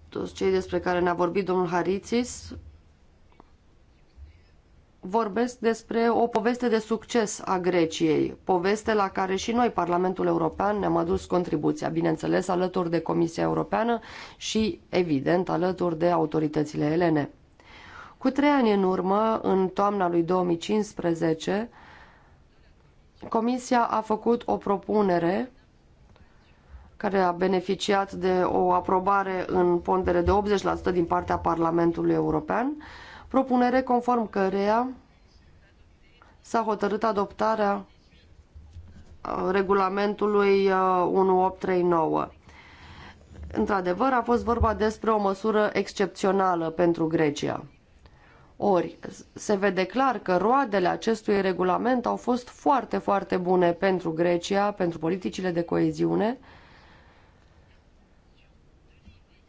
Toți cei despre care ne-a vorbit domnul Haritis vorbesc despre o poveste de succes a Greciei, poveste la care și noi, Parlamentul European, ne-am adus contribuția, bineînțeles, alături de Comisia Europeană și, evident, alături de autoritățile elene. Cu trei ani în urmă, în toamna lui 2015, Comisia a făcut o propunere care a beneficiat de o aprobare în pondere de 80% din partea Parlamentului European propunere conform căreia s-a hotărât adoptarea uh, regulamentului 1839. Uh, Într-adevăr, a fost vorba despre o măsură excepțională pentru Grecia. Ori, se vede clar că roadele acestui regulament au fost foarte, foarte bune pentru Grecia, pentru politicile de coeziune,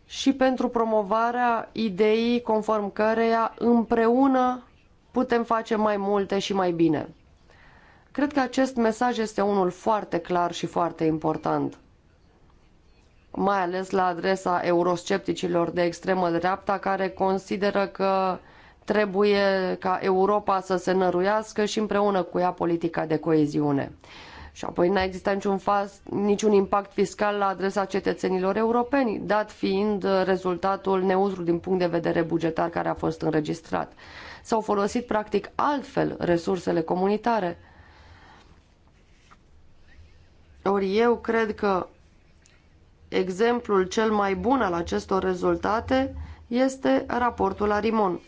și pentru promovarea ideii conform căreia împreună putem face mai multe și mai bine. Cred că acest mesaj este unul foarte clar și foarte important mai ales la adresa euroscepticilor de extremă dreapta care consideră că trebuie ca Europa să se năruiască și împreună cu ea politica de coeziune și apoi n-a existat niciun, niciun impact fiscal la adresa cetățenilor europeni, dat fiind rezultatul neutru din punct de vedere bugetar care a fost înregistrat. S-au folosit practic altfel resursele comunitare. Ori eu cred că exemplul cel mai bun al acestor rezultate este raportul Arimon.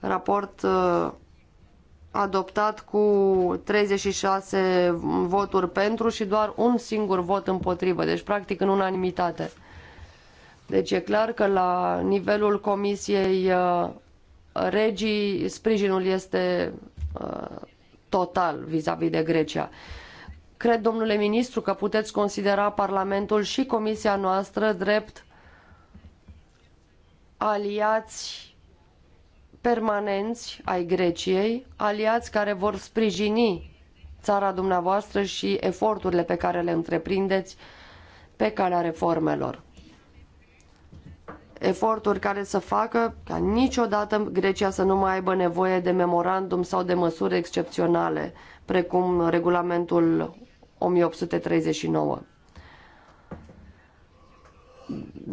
Raport uh, adoptat cu 36 voturi pentru și doar un singur vot împotrivă, deci practic în unanimitate. Deci e clar că la nivelul Comisiei uh, Regii sprijinul este uh, total vis-a-vis -vis de Grecia. Cred, domnule ministru, că puteți considera Parlamentul și Comisia noastră drept aliați permanenți ai Greciei, aliați care vor sprijini țara dumneavoastră și eforturile pe care le întreprindeți pe calea reformelor. Eforturi care să facă ca niciodată Grecia să nu mai aibă nevoie de memorandum sau de măsuri excepționale, precum regulamentul 1839.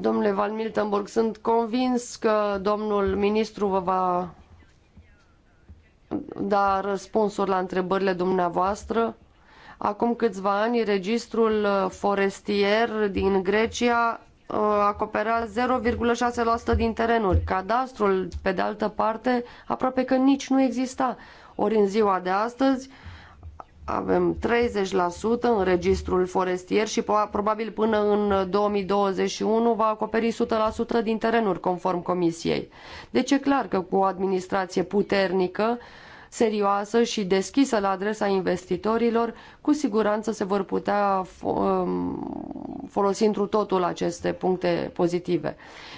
Domnule Van Miltenburg, sunt convins că domnul ministru vă va da răspunsuri la întrebările dumneavoastră. Acum câțiva ani, registrul forestier din Grecia uh, acoperea 0,6% din terenuri. Cadastrul, pe de altă parte, aproape că nici nu exista. Ori în ziua de astăzi, avem 30% în registrul forestier și probabil până în 2021 va acoperi 100% din terenuri conform comisiei. Deci e clar că cu o administrație puternică, serioasă și deschisă la adresa investitorilor, cu siguranță se vor putea um, folosi într totul aceste puncte pozitive.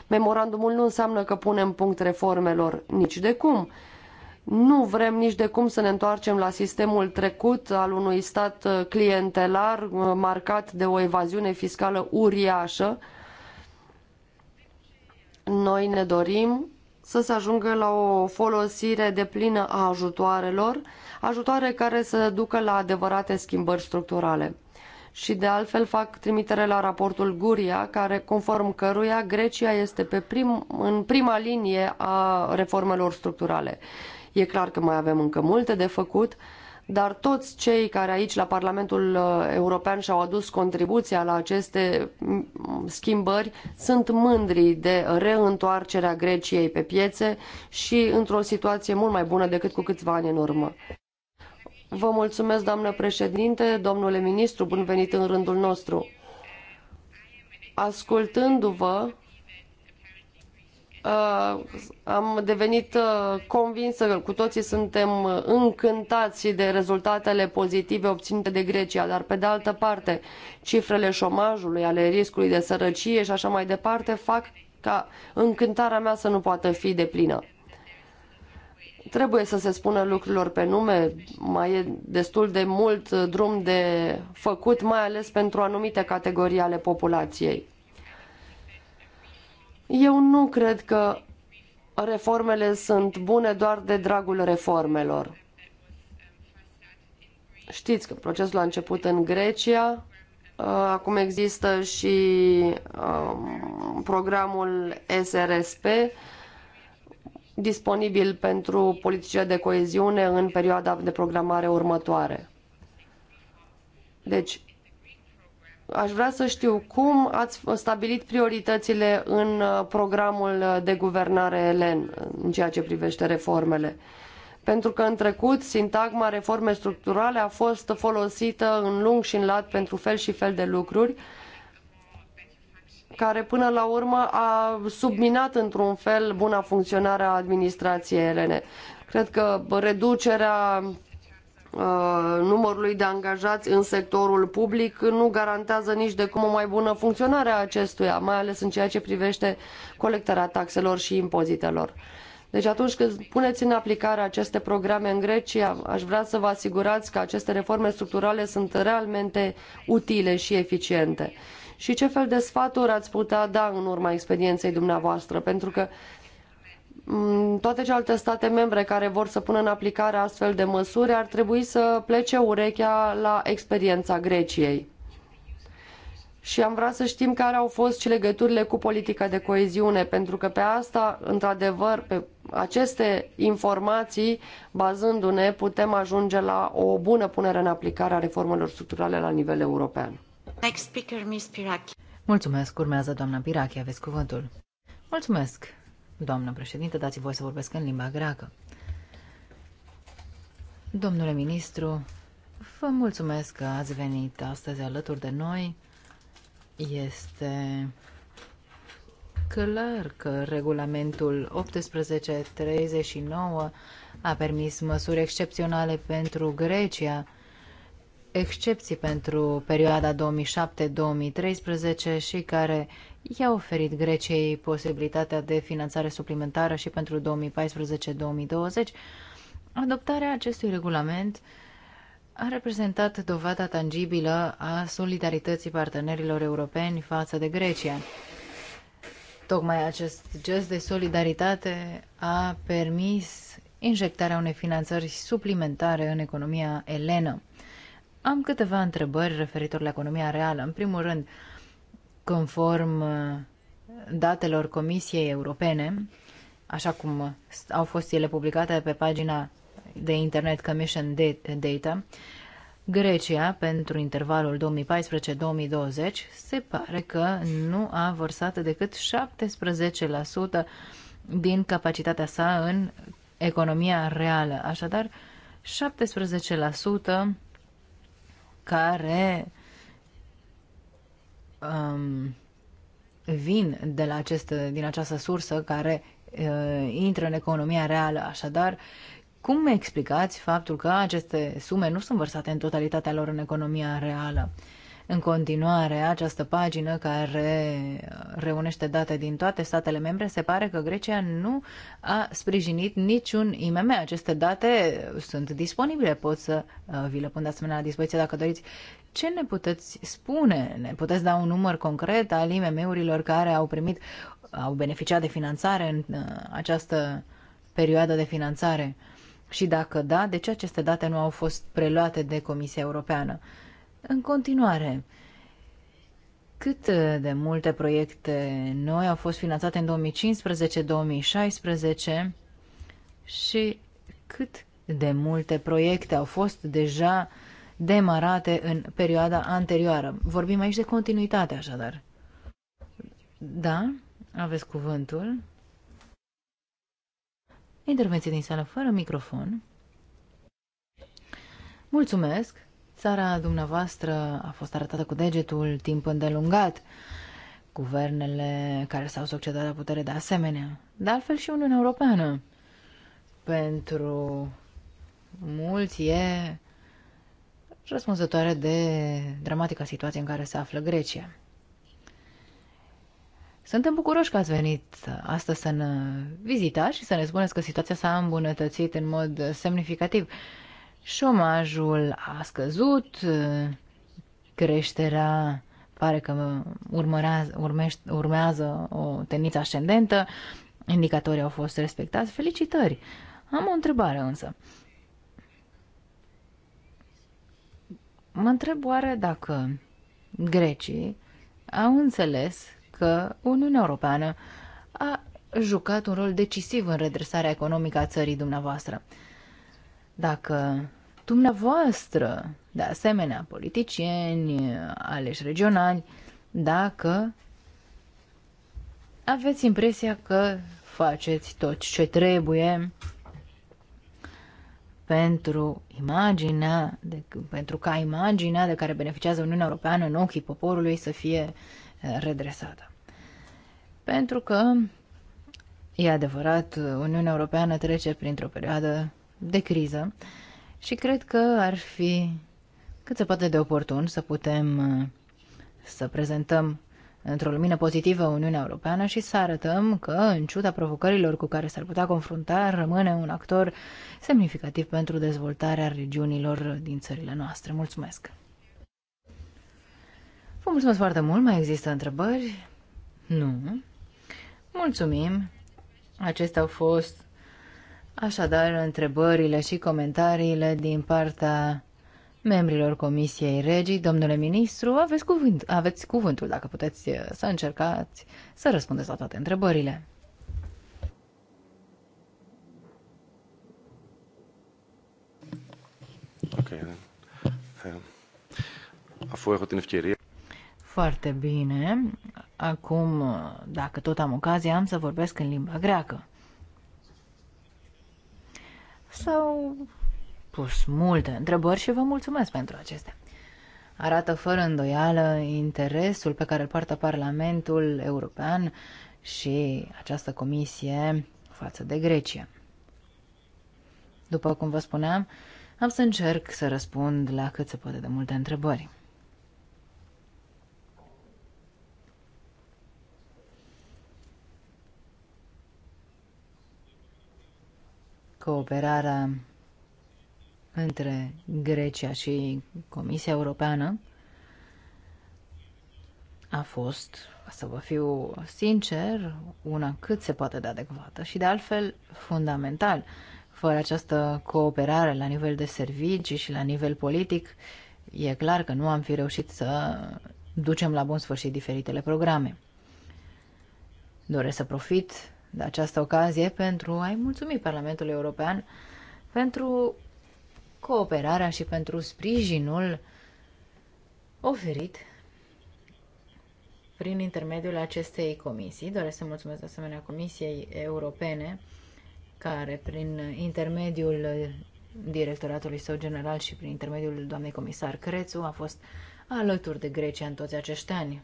Memorandumul nu înseamnă că punem punct reformelor nici de cum, nu vrem nici de cum să ne întoarcem la sistemul trecut al unui stat uh, clientelar uh, marcat de o evaziune fiscală uriașă. Noi ne dorim să se ajungă la o folosire deplină a ajutoarelor, ajutoare care să ducă la adevărate schimbări structurale. Și de altfel fac trimitere la raportul Guria, care, conform căruia Grecia este pe prim, în prima linie a reformelor structurale. E clar că mai avem încă multe de făcut, dar toți cei care aici la Parlamentul uh, European și-au adus contribuția la aceste schimbări sunt mândri de reîntoarcerea Greciei pe piețe și într-o situație mult mai bună decât cu câțiva ani în urmă. Vă mulțumesc, doamnă președinte, domnule ministru, bun venit în rândul nostru. Ascultându-vă, Uh, am devenit uh, convinsă că cu toții suntem uh, încântați de rezultatele pozitive obținute de Grecia, dar pe de altă parte cifrele șomajului, ale riscului de sărăcie și așa mai departe fac ca încântarea mea să nu poată fi deplină. Trebuie să se spună lucrurilor pe nume, mai e destul de mult drum de făcut, mai ales pentru anumite categorii ale populației. Eu nu cred că reformele sunt bune doar de dragul reformelor. Știți că procesul a început în Grecia, uh, acum există și um, programul SRSP disponibil pentru politicile de coeziune în perioada de programare următoare. Deci, Aș vrea să știu cum ați stabilit prioritățile în uh, programul de guvernare elen în ceea ce privește reformele. Pentru că în trecut sintagma reforme structurale a fost folosită în lung și în lat pentru fel și fel de lucruri care până la urmă a subminat într-un fel buna funcționare a administrației elene. Cred că reducerea Uh, numărului de angajați în sectorul public nu garantează nici de cum o mai bună funcționare a acestuia, mai ales în ceea ce privește colectarea taxelor și impozitelor. Deci atunci când puneți în aplicare aceste programe în Grecia, aș vrea să vă asigurați că aceste reforme structurale sunt realmente utile și eficiente. Și ce fel de sfaturi ați putea da în urma experienței dumneavoastră? Pentru că toate celelalte state membre care vor să pună în aplicare astfel de măsuri ar trebui să plece urechea la experiența Greciei. Și am vrea să știm care au fost și legăturile cu politica de coeziune, pentru că pe asta, într-adevăr, pe aceste informații, bazându-ne, putem ajunge la o bună punere în aplicare a reformelor structurale la nivel european. Next speaker, Ms. Piraki. Mulțumesc. Urmează doamna Pirachi. Aveți cuvântul. Mulțumesc. Doamnă președinte, dați voi să vorbesc în limba greacă. Domnule ministru, vă mulțumesc că ați venit astăzi alături de noi. Este clar că regulamentul 1839 a permis măsuri excepționale pentru Grecia, excepții pentru perioada 2007-2013 și care i-a oferit Greciei posibilitatea de finanțare suplimentară și pentru 2014-2020. Adoptarea acestui regulament a reprezentat dovada tangibilă a solidarității partenerilor europeni față de Grecia. Tocmai acest gest de solidaritate a permis injectarea unei finanțări suplimentare în economia elenă. Am câteva întrebări referitor la economia reală. În primul rând, Conform uh, datelor Comisiei Europene, așa cum au fost ele publicate pe pagina de internet Commission da- Data, Grecia, pentru intervalul 2014-2020, se pare că nu a vărsat decât 17% din capacitatea sa în economia reală. Așadar, 17% care um, vin de la acest, din această sursă care uh, intră în economia reală. Așadar, cum explicați faptul că aceste sume nu sunt vărsate în totalitatea lor în economia reală? În continuare, această pagină care uh, reunește date din toate statele membre, se pare că Grecia nu a sprijinit niciun IMM. Aceste date sunt disponibile, pot să uh, vi le pun de asemenea la dispoziție dacă doriți. Ce ne puteți spune? Ne puteți da un număr concret al IMM-urilor care au primit, au beneficiat de finanțare în uh, această perioadă de finanțare? Și dacă da, de ce aceste date nu au fost preluate de Comisia Europeană? În continuare, cât de multe proiecte noi au fost finanțate în 2015-2016 și cât de multe proiecte au fost deja uh, demarate în perioada anterioară. Vorbim aici de continuitate, așadar. Da, aveți cuvântul. Intervenție din sală fără microfon. Mulțumesc! Țara dumneavoastră a fost arătată cu degetul timp îndelungat. Guvernele care s-au succedat la putere de asemenea. De altfel și Uniunea Europeană. Pentru mulți e răspunzătoare de dramatica situație în care se află Grecia. Suntem bucuroși că ați venit astăzi să ne vizitați și să ne spuneți că situația s-a îmbunătățit în mod semnificativ. Șomajul a scăzut, creșterea pare că urmează, urmește, urmează o tendință ascendentă, indicatorii au fost respectați. Felicitări! Am o întrebare însă. Mă întreb oare dacă grecii au înțeles că Uniunea Europeană a jucat un rol decisiv în redresarea economică a țării dumneavoastră. Dacă dumneavoastră, de asemenea politicieni, aleși regionali, dacă aveți impresia că faceți tot ce trebuie pentru imaginea, de, pentru ca imaginea de care beneficiază Uniunea Europeană în ochii poporului să fie uh, redresată. Pentru că, e adevărat, Uniunea Europeană trece printr-o perioadă de criză și cred că ar fi cât se poate de oportun să putem uh, să prezentăm într-o lumină pozitivă Uniunea Europeană și să arătăm că, în ciuda provocărilor cu care s-ar putea confrunta, rămâne un actor semnificativ pentru dezvoltarea regiunilor din țările noastre. Mulțumesc! Vă mulțumesc foarte mult. Mai există întrebări? Nu. Mulțumim. Acestea au fost așadar întrebările și comentariile din partea membrilor Comisiei Regii. Domnule ministru, aveți, cuvânt, aveți cuvântul dacă puteți uh, să încercați să răspundeți la toate întrebările. Eh, eh, Foarte bine. Acum, uh, dacă tot am ocazia, am să vorbesc în limba greacă. Sau pus multe întrebări și vă mulțumesc pentru acestea. Arată fără îndoială interesul pe care îl poartă Parlamentul European și această comisie față de Grecia. După cum vă spuneam, am să încerc să răspund la cât se poate de multe întrebări. Cooperarea între Grecia și Comisia Europeană a fost, să vă fiu sincer, una cât se poate de adecvată și de altfel fundamental. Fără această cooperare la nivel de servicii și la nivel politic, e clar că nu am fi reușit să ducem la bun sfârșit diferitele programe. Doresc să profit de această ocazie pentru a-i mulțumi Parlamentului European pentru cooperarea și pentru sprijinul oferit prin intermediul acestei comisii. Doresc să mulțumesc de asemenea Comisiei Europene, care prin intermediul directoratului său general și prin intermediul doamnei comisar Crețu a fost alături de Grecia în toți acești ani.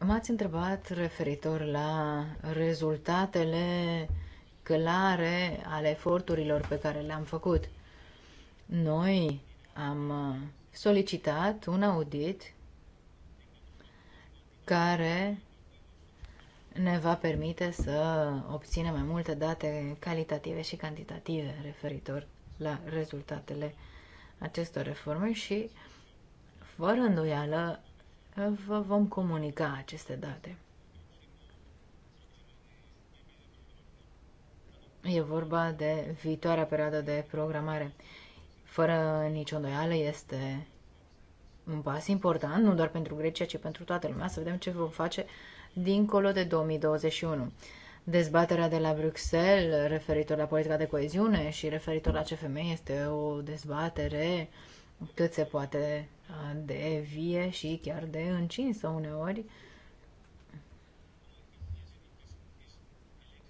M-ați întrebat referitor la rezultatele clare ale eforturilor pe care le-am făcut. Noi am uh, solicitat un audit care ne va permite să obținem mai multe date calitative și cantitative referitor la rezultatele acestor reforme și, fără îndoială, vă vom comunica aceste date. E vorba de viitoarea perioadă de programare. Fără nicio îndoială este un pas important, nu doar pentru Grecia, ci pentru toată lumea, să vedem ce vom face dincolo de 2021. Dezbaterea de la Bruxelles referitor la politica de coeziune și referitor la CFM este o dezbatere cât se poate de vie și chiar de încinsă uneori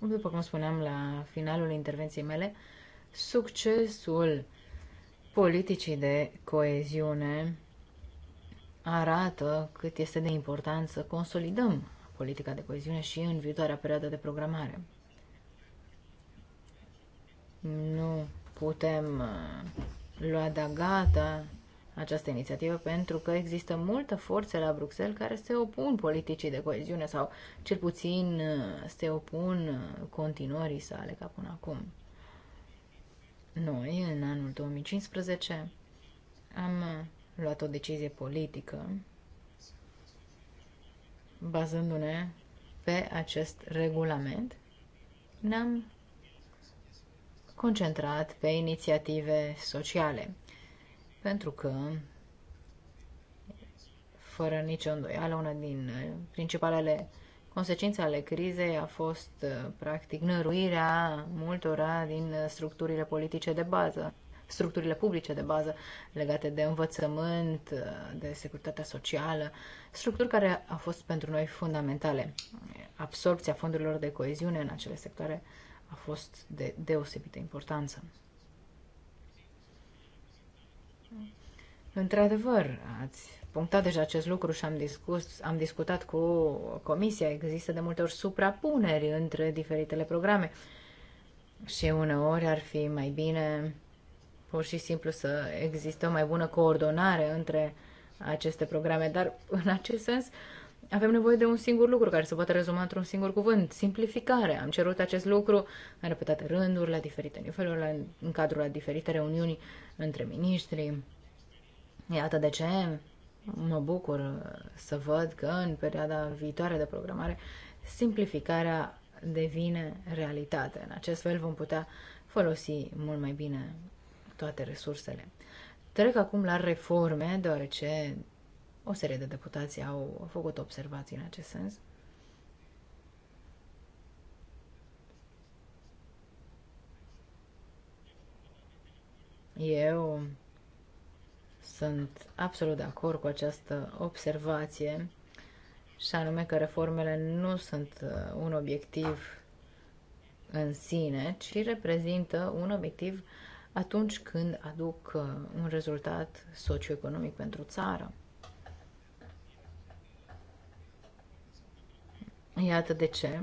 După cum spuneam la finalul intervenției mele, succesul politicii de coeziune arată cât este de important să consolidăm politica de coeziune și în viitoarea perioadă de programare. Nu putem uh, lua de gata această inițiativă pentru că există multă forță la Bruxelles care se opun politicii de coeziune sau cel puțin uh, se opun uh, continuării sale ca până acum. Noi, în anul 2015, am uh, luat o decizie politică bazându-ne pe acest regulament. Ne-am concentrat pe inițiative sociale pentru că fără nicio îndoială, una din uh, principalele consecințe ale crizei a fost, uh, practic, năruirea multora din uh, structurile politice de bază, structurile publice de bază legate de învățământ, de securitatea socială, structuri care au fost pentru noi fundamentale. Absorpția fondurilor de coeziune în acele sectoare a fost de deosebită importanță. Într-adevăr, ați punctat deja acest lucru și am, discus, am discutat cu comisia. Există de multe ori suprapuneri între diferitele programe și uneori ar fi mai bine pur și simplu să existe o mai bună coordonare între aceste programe, dar în acest sens uh, avem nevoie de un singur lucru care să poate rezuma într-un singur cuvânt, simplificare. Am cerut acest lucru în repetate rânduri, la diferite niveluri, în cadrul la diferite reuniuni între miniștri. Iată de ce mă bucur să văd că în perioada viitoare de programare simplificarea devine realitate. În acest fel vom putea folosi mult mai bine toate resursele. Trec acum la reforme, deoarece o serie de deputați au făcut observații în acest sens. Eu sunt absolut de acord cu această observație și anume că reformele nu sunt uh, un obiectiv în sine, ci reprezintă un obiectiv atunci când aduc uh, un rezultat socioeconomic pentru țară. Iată de ce,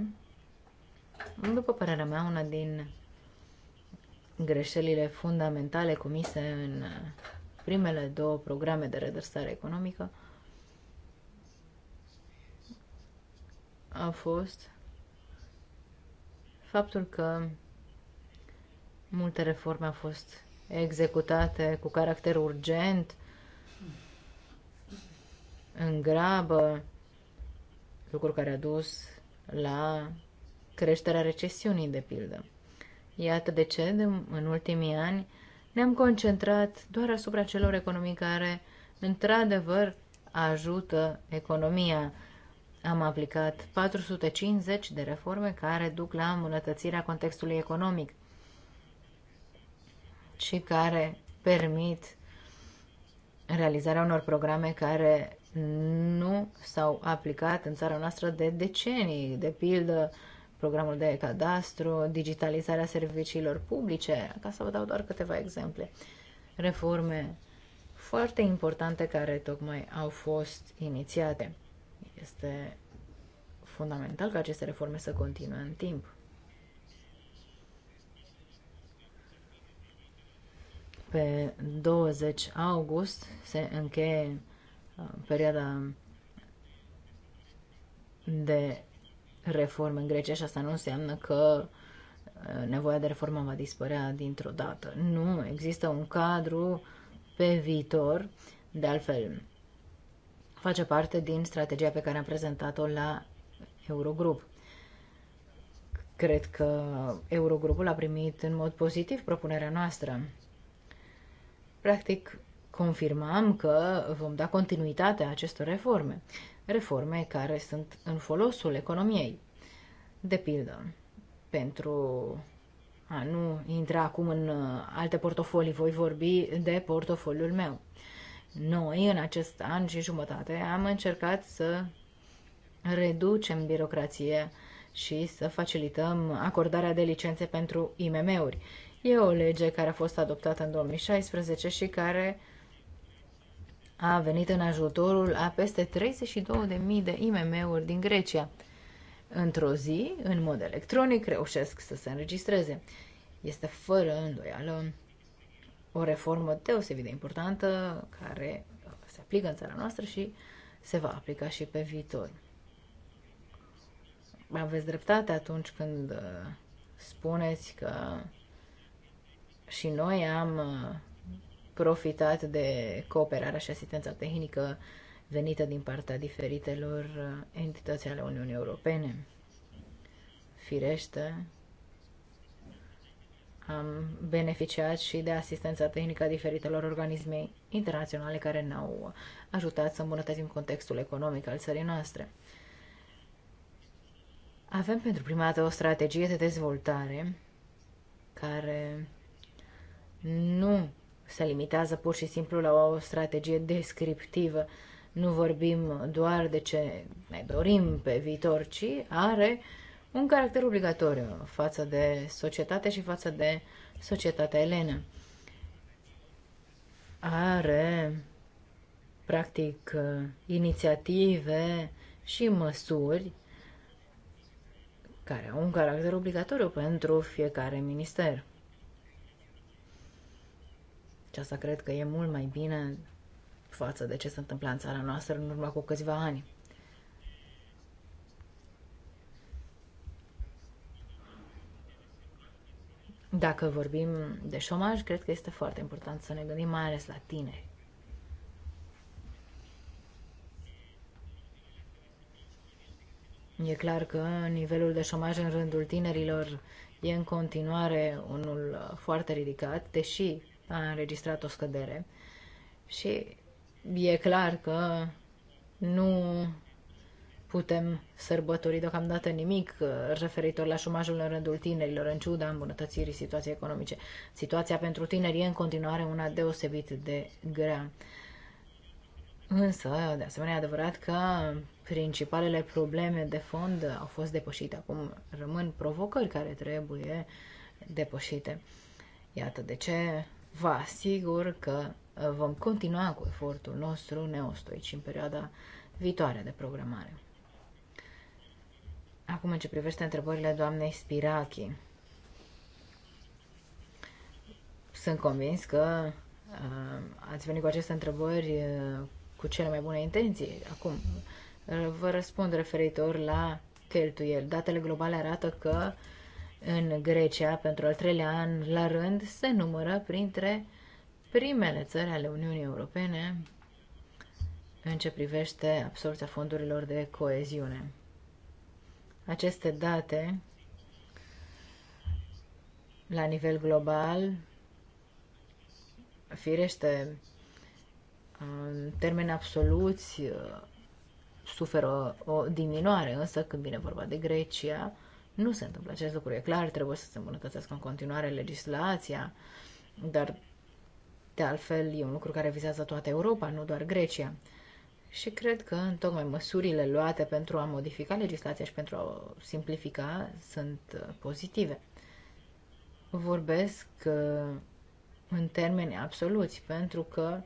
după părerea mea, una din greșelile fundamentale comise în primele două programe de redresare economică a fost faptul că multe reforme au fost executate cu caracter urgent, în grabă, lucru care a dus la creșterea recesiunii, de pildă. Iată de ce, de, în ultimii ani, ne-am concentrat doar asupra celor economii care, într-adevăr, ajută economia. Am aplicat 450 de reforme care duc la îmbunătățirea contextului economic și care permit realizarea unor programe care nu s-au aplicat în țara noastră de decenii. De pildă, programul de cadastru, digitalizarea serviciilor publice, ca să vă dau doar câteva exemple. Reforme foarte importante care tocmai au fost inițiate. Este fundamental ca aceste reforme să continue în timp. Pe 20 august se încheie perioada de reforme în Grecia și asta nu înseamnă că uh, nevoia de reformă va dispărea dintr-o dată. Nu, există un cadru pe viitor, de altfel face parte din strategia pe care am prezentat-o la Eurogrup. Cred că Eurogrupul a primit în mod pozitiv propunerea noastră. Practic, confirmam că vom da continuitate acestor reforme, reforme care sunt în folosul economiei. De pildă, pentru a nu intra acum în uh, alte portofolii, voi vorbi de portofoliul meu. Noi, în acest an și jumătate, am încercat să reducem birocrație și să facilităm acordarea de licențe pentru IMM-uri. E o lege care a fost adoptată în 2016 și care a venit în ajutorul a peste 32.000 de IMM-uri din Grecia. Într-o zi, în mod electronic, reușesc să se înregistreze. Este fără îndoială o reformă deosebit de importantă care se aplică în țara noastră și se va aplica și pe viitor. Aveți dreptate atunci când uh, spuneți că și noi am uh, profitat de cooperarea și asistența tehnică venită din partea diferitelor uh, entități ale Uniunii Europene. Firește, am beneficiat și de asistența tehnică a diferitelor organisme internaționale care ne-au ajutat să îmbunătățim contextul economic al țării noastre. Avem pentru prima dată o strategie de dezvoltare care nu se limitează pur și simplu la o strategie descriptivă. Nu vorbim doar de ce ne dorim pe viitor, ci are un caracter obligatoriu față de societate și față de societatea elenă. Are, practic, inițiative și măsuri care au un caracter obligatoriu pentru fiecare minister asta cred că e mult mai bine față de ce se întâmpla în țara noastră în urma cu câțiva ani. Dacă vorbim de șomaj, cred că este foarte important să ne gândim mai ales la tineri. E clar că nivelul de șomaj în rândul tinerilor e în continuare unul uh, foarte ridicat, deși a înregistrat o scădere și e clar că nu putem sărbători deocamdată nimic uh, referitor la șomajul în rândul tinerilor, în ciuda îmbunătățirii situației economice. Situația pentru tineri e în continuare una deosebit de grea. Însă, de asemenea, e adevărat că principalele probleme de fond au fost depășite. Acum rămân provocări care trebuie depășite. Iată de ce Vă asigur că uh, vom continua cu efortul nostru neostoici în perioada viitoare de programare. Acum, în ce privește întrebările doamnei Spirachi, sunt convins că uh, ați venit cu aceste întrebări uh, cu cele mai bune intenții. Acum, uh, vă răspund referitor la cheltuieli. Datele globale arată că uh, în Grecia pentru al treilea an la rând se numără printre primele țări ale Uniunii Europene în ce privește absorbția fondurilor de coeziune. Aceste date la nivel global firește în termeni absoluți suferă o diminuare, însă când vine vorba de Grecia, nu se întâmplă acest lucru. E clar, trebuie să se îmbunătățească în continuare legislația, dar de altfel e un lucru care vizează toată Europa, nu doar Grecia. Și cred că, în tocmai măsurile luate pentru a modifica legislația și pentru a o simplifica sunt uh, pozitive. Vorbesc uh, în termeni absoluți, pentru că,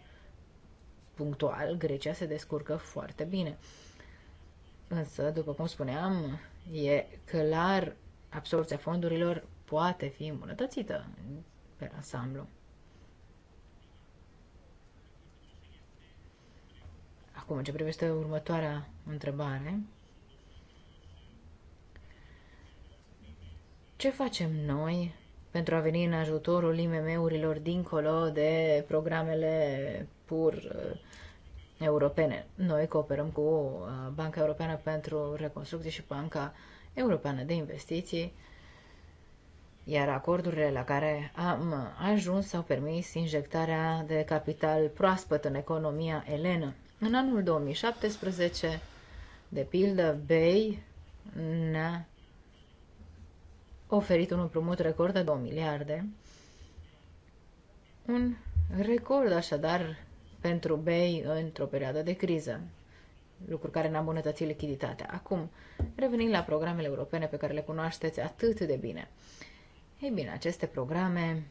punctual, Grecia se descurcă foarte bine. Însă, după cum spuneam, E clar, absorbția fondurilor poate fi îmbunătățită pe ansamblu. Acum, ce privește următoarea întrebare, ce facem noi pentru a veni în ajutorul IMM-urilor dincolo de programele pur europene. Noi cooperăm cu uh, Banca Europeană pentru Reconstrucție și Banca Europeană de Investiții, iar acordurile la care am ajuns au permis injectarea de capital proaspăt în economia elenă. În anul 2017, de pildă, BEI ne-a oferit un împrumut record de 2 miliarde, un record așadar pentru bei într-o perioadă de criză, lucru care ne-a îmbunătățit lichiditatea. Acum, revenind la programele europene pe care le cunoașteți atât de bine. Ei bine, aceste programe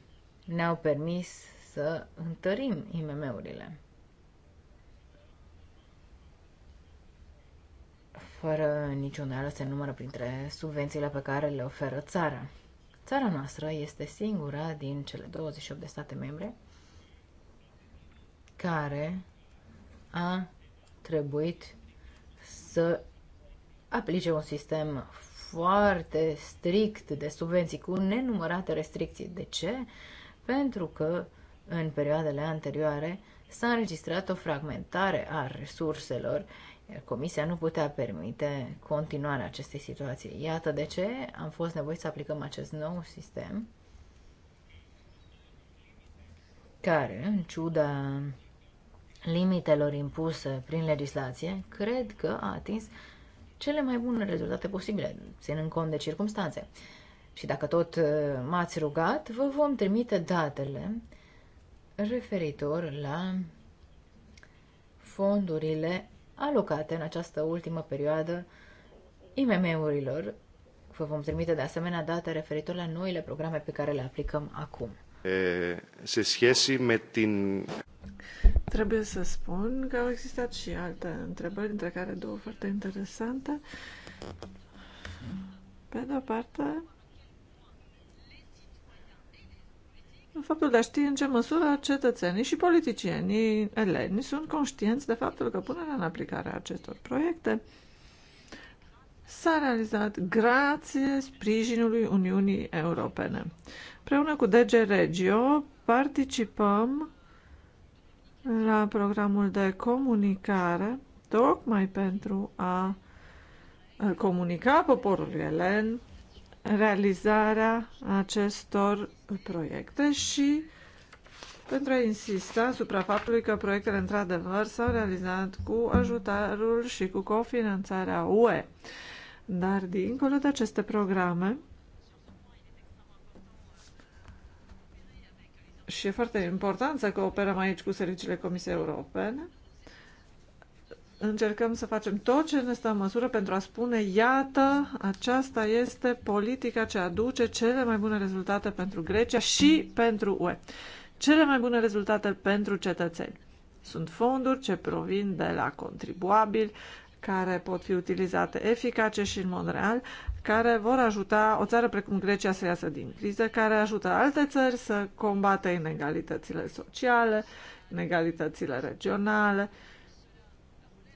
ne-au permis să întărim IMM-urile. Fără niciun ală se numără printre subvențiile pe care le oferă țara. Țara noastră este singura din cele 28 de state membre care a trebuit să aplice un sistem foarte strict de subvenții cu nenumărate restricții. De ce? Pentru că în perioadele anterioare s-a înregistrat o fragmentare a resurselor, iar Comisia nu putea permite continuarea acestei situații. Iată de ce am fost nevoiți să aplicăm acest nou sistem care, în ciuda limitelor impuse prin legislație, cred că a atins cele mai bune rezultate posibile, ținând cont de circunstanțe. Și dacă tot uh, m-ați rugat, vă vom trimite datele referitor la fondurile alocate în această ultimă perioadă IMM-urilor. Vă vom trimite de asemenea date referitor la noile programe pe care le aplicăm acum. Eh, se schiesi metin. Trebuie să spun că au existat și alte întrebări, între care două foarte interesante. Pe de-o parte, faptul de a ști în ce măsură cetățenii și politicienii eleni sunt conștienți de faptul că punerea în aplicare a acestor proiecte s-a realizat grație sprijinului Uniunii Europene. Preună cu DG Regio participăm la programul de comunicare, tocmai pentru a comunica poporului elen realizarea acestor proiecte și pentru a insista asupra faptului că proiectele într-adevăr s-au realizat cu ajutarul și cu cofinanțarea UE. Dar dincolo de aceste programe, și e foarte important să cooperăm aici cu serviciile Comisiei Europene. Încercăm să facem tot ce ne stă în măsură pentru a spune, iată, aceasta este politica ce aduce cele mai bune rezultate pentru Grecia și pentru UE. Cele mai bune rezultate pentru cetățeni. Sunt fonduri ce provin de la contribuabili, care pot fi utilizate eficace și în mod real, care vor ajuta o țară precum Grecia să iasă din criză, care ajută alte țări să combată inegalitățile sociale, inegalitățile regionale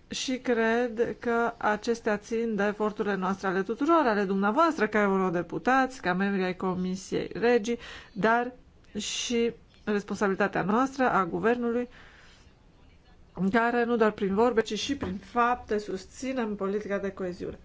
și cred că acestea țin de eforturile noastre ale tuturor, ale dumneavoastră ca eurodeputați, ca membri ai Comisiei Regii, dar și responsabilitatea noastră a Guvernului care nu doar prin vorbe, ci și prin fapte susținem politica de coeziune.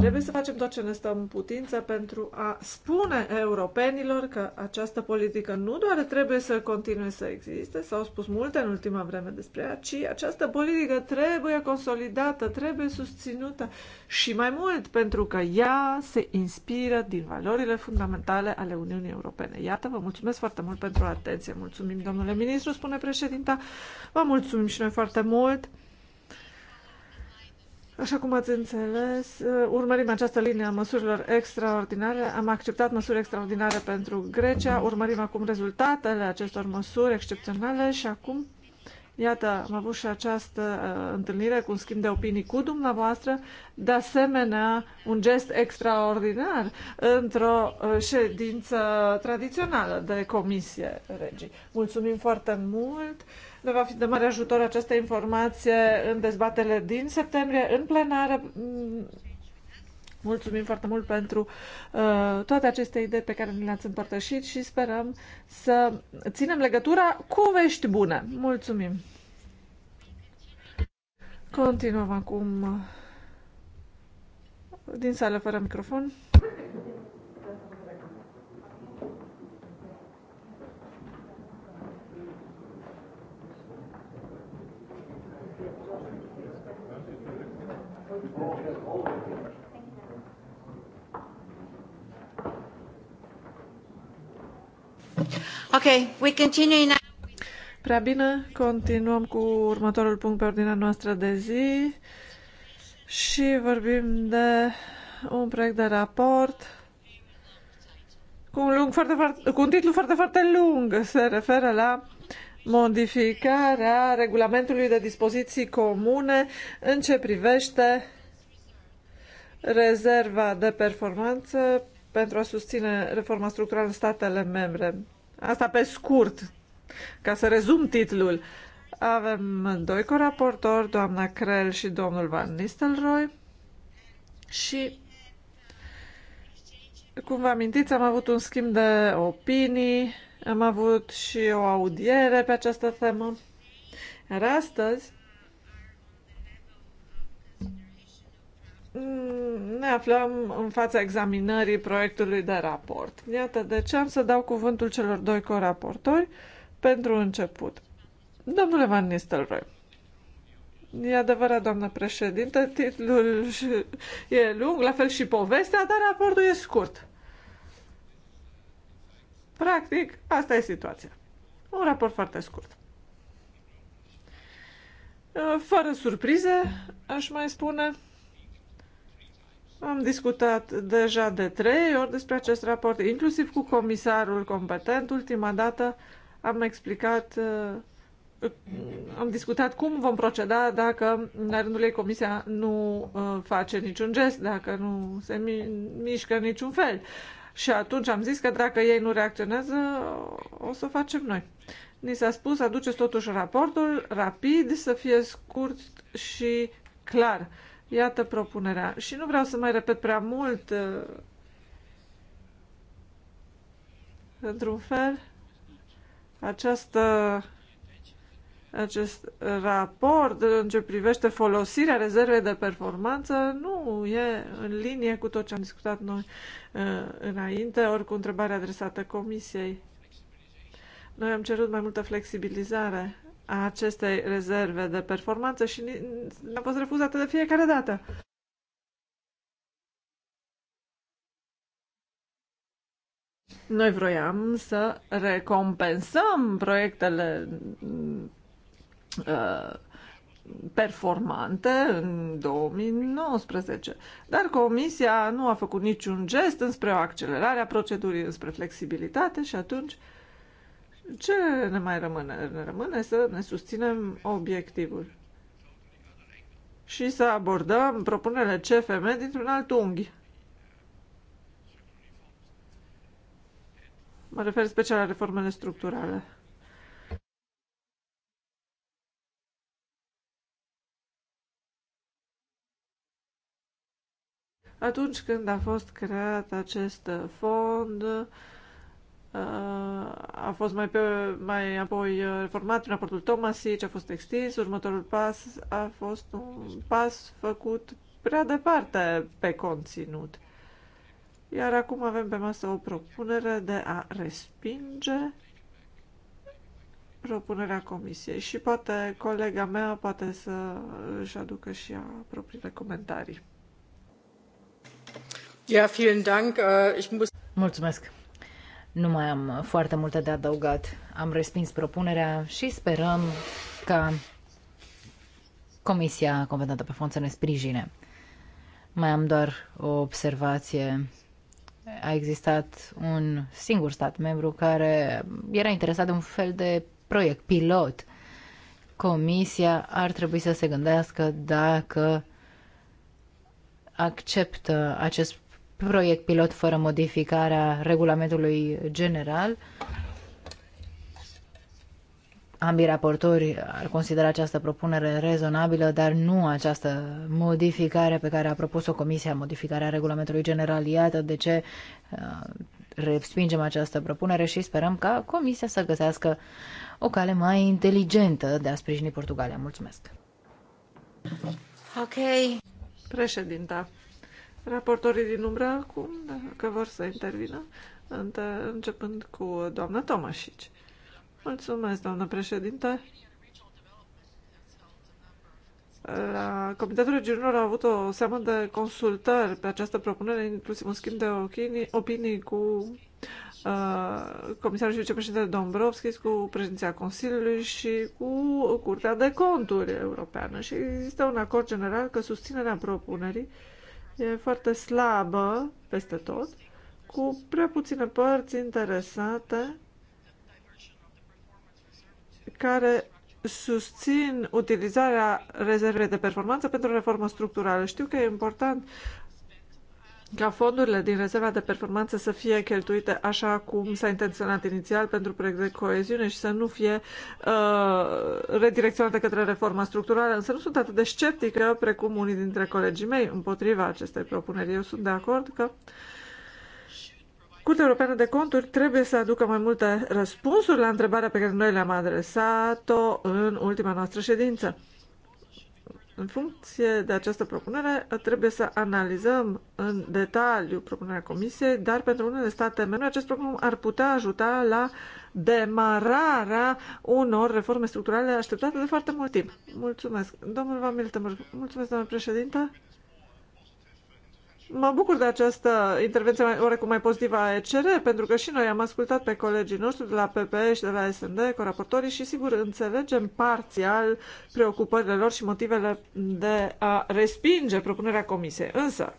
Trebuie să facem tot ce ne stăm în putință pentru a spune europenilor că această politică nu doar trebuie să continue să existe, s-au spus multe în ultima vreme despre ea, ci această politică trebuie consolidată, trebuie susținută și mai mult pentru că ea se inspiră din valorile fundamentale ale Uniunii Europene. Iată, vă mulțumesc foarte mult pentru atenție. Mulțumim, domnule ministru, spune președinta. Vă mulțumim și noi foarte mult. Așa cum ați înțeles, uh, urmărim această linie a măsurilor extraordinare. Am acceptat măsuri extraordinare pentru Grecia, urmărim acum rezultatele acestor măsuri excepționale și acum, iată, am avut și această uh, întâlnire cu un schimb de opinii cu dumneavoastră, de asemenea un gest extraordinar într-o uh, ședință tradițională de comisie regii. Mulțumim foarte mult! Ne va fi de mare ajutor această informație în dezbatele din septembrie, în plenară. Mm, mulțumim foarte mult pentru uh, toate aceste idei pe care ni le-ați împărtășit și sperăm să ținem legătura cu vești bune. Mulțumim! Continuăm acum din sală fără microfon. Okay, we continue now. Prea bine, continuăm cu următorul punct pe ordinea noastră de zi și vorbim de un proiect de raport cu un, lung foarte, foarte, cu un titlu foarte, foarte lung. Se referă la modificarea regulamentului de dispoziții comune în ce privește rezerva de performanță pentru a susține reforma structurală în statele membre. Asta pe scurt, ca să rezum titlul. Avem doi coraportori, doamna Crel și domnul Van Nistelrooy și cum vă amintiți, am avut un schimb de opinii, am avut și o audiere pe această temă. Iar astăzi Mm, ne aflăm în fața examinării proiectului de raport. Iată de ce am să dau cuvântul celor doi coraportori pentru început. Domnule Van Nistelrooy, e adevărat, doamnă președinte, titlul e lung, la fel și povestea, dar raportul e scurt. Practic, asta e situația. Un raport foarte scurt. Fără surprize, aș mai spune, am discutat deja de trei ori despre acest raport, inclusiv cu comisarul competent. Ultima dată am explicat, uh, am discutat cum vom proceda dacă, în rândul ei, comisia nu uh, face niciun gest, dacă nu se mi mișcă niciun fel. Și atunci am zis că dacă ei nu reacționează, o să facem noi. Ni s-a spus, aduceți totuși raportul rapid, să fie scurt și clar Iată propunerea. Și nu vreau să mai repet prea mult. Uh, într-un fel, această, acest raport în ce privește folosirea rezervei de performanță nu e în linie cu tot ce am discutat noi uh, înainte, oricum cu întrebarea adresată Comisiei. Noi am cerut mai multă flexibilizare acestei rezerve de performanță și ne-a fost refuzată de fiecare dată. Noi vroiam să recompensăm proiectele uh, performante în 2019. Dar Comisia nu a făcut niciun gest înspre o accelerare a procedurii, înspre flexibilitate și atunci uh, ce ne mai rămâne? Ne rămâne să ne susținem obiectivul și să abordăm propunerile CFM dintr-un alt unghi. Mă refer special la reformele structurale. Atunci când a fost creat acest fond, a fost mai, pe, mai apoi uh, reformat prin raportul ce a fost extins, următorul pas a fost un pas făcut prea departe pe conținut. Iar acum avem pe masă o propunere de a respinge propunerea comisiei și poate colega mea poate să își aducă și a propriile comentarii. Ja, vielen Dank. Äh, ich muss... Mulțumesc. Nu mai am foarte multe de adăugat. Am respins propunerea și sperăm ca Comisia competentă pe fond să ne sprijine. Mai am doar o observație. A existat un singur stat membru care era interesat de un fel de proiect pilot. Comisia ar trebui să se gândească dacă acceptă acest proiect pilot fără modificarea regulamentului general. Ambii raportori ar considera această propunere rezonabilă, dar nu această modificare pe care a propus-o Comisia, modificarea regulamentului general. Iată de ce uh, respingem această propunere și sperăm ca Comisia să găsească o cale mai inteligentă de a sprijini Portugalia. Mulțumesc! Ok. Președinta, Raportorii din umbră acum, dacă vor să intervină, începând cu doamna Tomașici. Mulțumesc, doamnă președinte. La Comitetul Regiunilor a avut o seamă de consultări pe această propunere, inclusiv un schimb de opinii, opinii cu uh, comisarul și vicepreședintele Dombrovskis, cu președinția Consiliului și cu Curtea de Conturi Europeană. Și există un acord general că susținerea propunerii uh, e foarte slabă peste tot, cu prea puține părți interesate care susțin utilizarea rezervei de performanță pentru reformă structurală. Știu că e important ca fondurile din rezerva de performanță să fie cheltuite așa cum s-a intenționat inițial pentru proiecte de coeziune și să nu fie uh, redirecționate către reforma structurală. Însă nu sunt atât de sceptică precum unii dintre colegii mei împotriva acestei propuneri. Eu sunt de acord că Curtea Europeană de Conturi trebuie să aducă mai multe răspunsuri la întrebarea pe care noi le-am adresat-o în ultima noastră ședință. În funcție de această propunere, trebuie să analizăm în detaliu propunerea Comisiei, dar pentru unele state membre acest program ar putea ajuta la demararea unor reforme structurale așteptate de foarte mult timp. Mulțumesc. Domnul Van Miltenberg, mulțumesc, domnule președinte. Mă bucur de această intervenție mai, oarecum mai pozitivă a ECR, pentru că și noi am ascultat pe colegii noștri de la PP și de la SND, raportorii, și sigur înțelegem parțial preocupările lor și motivele de a respinge propunerea comisiei. Însă,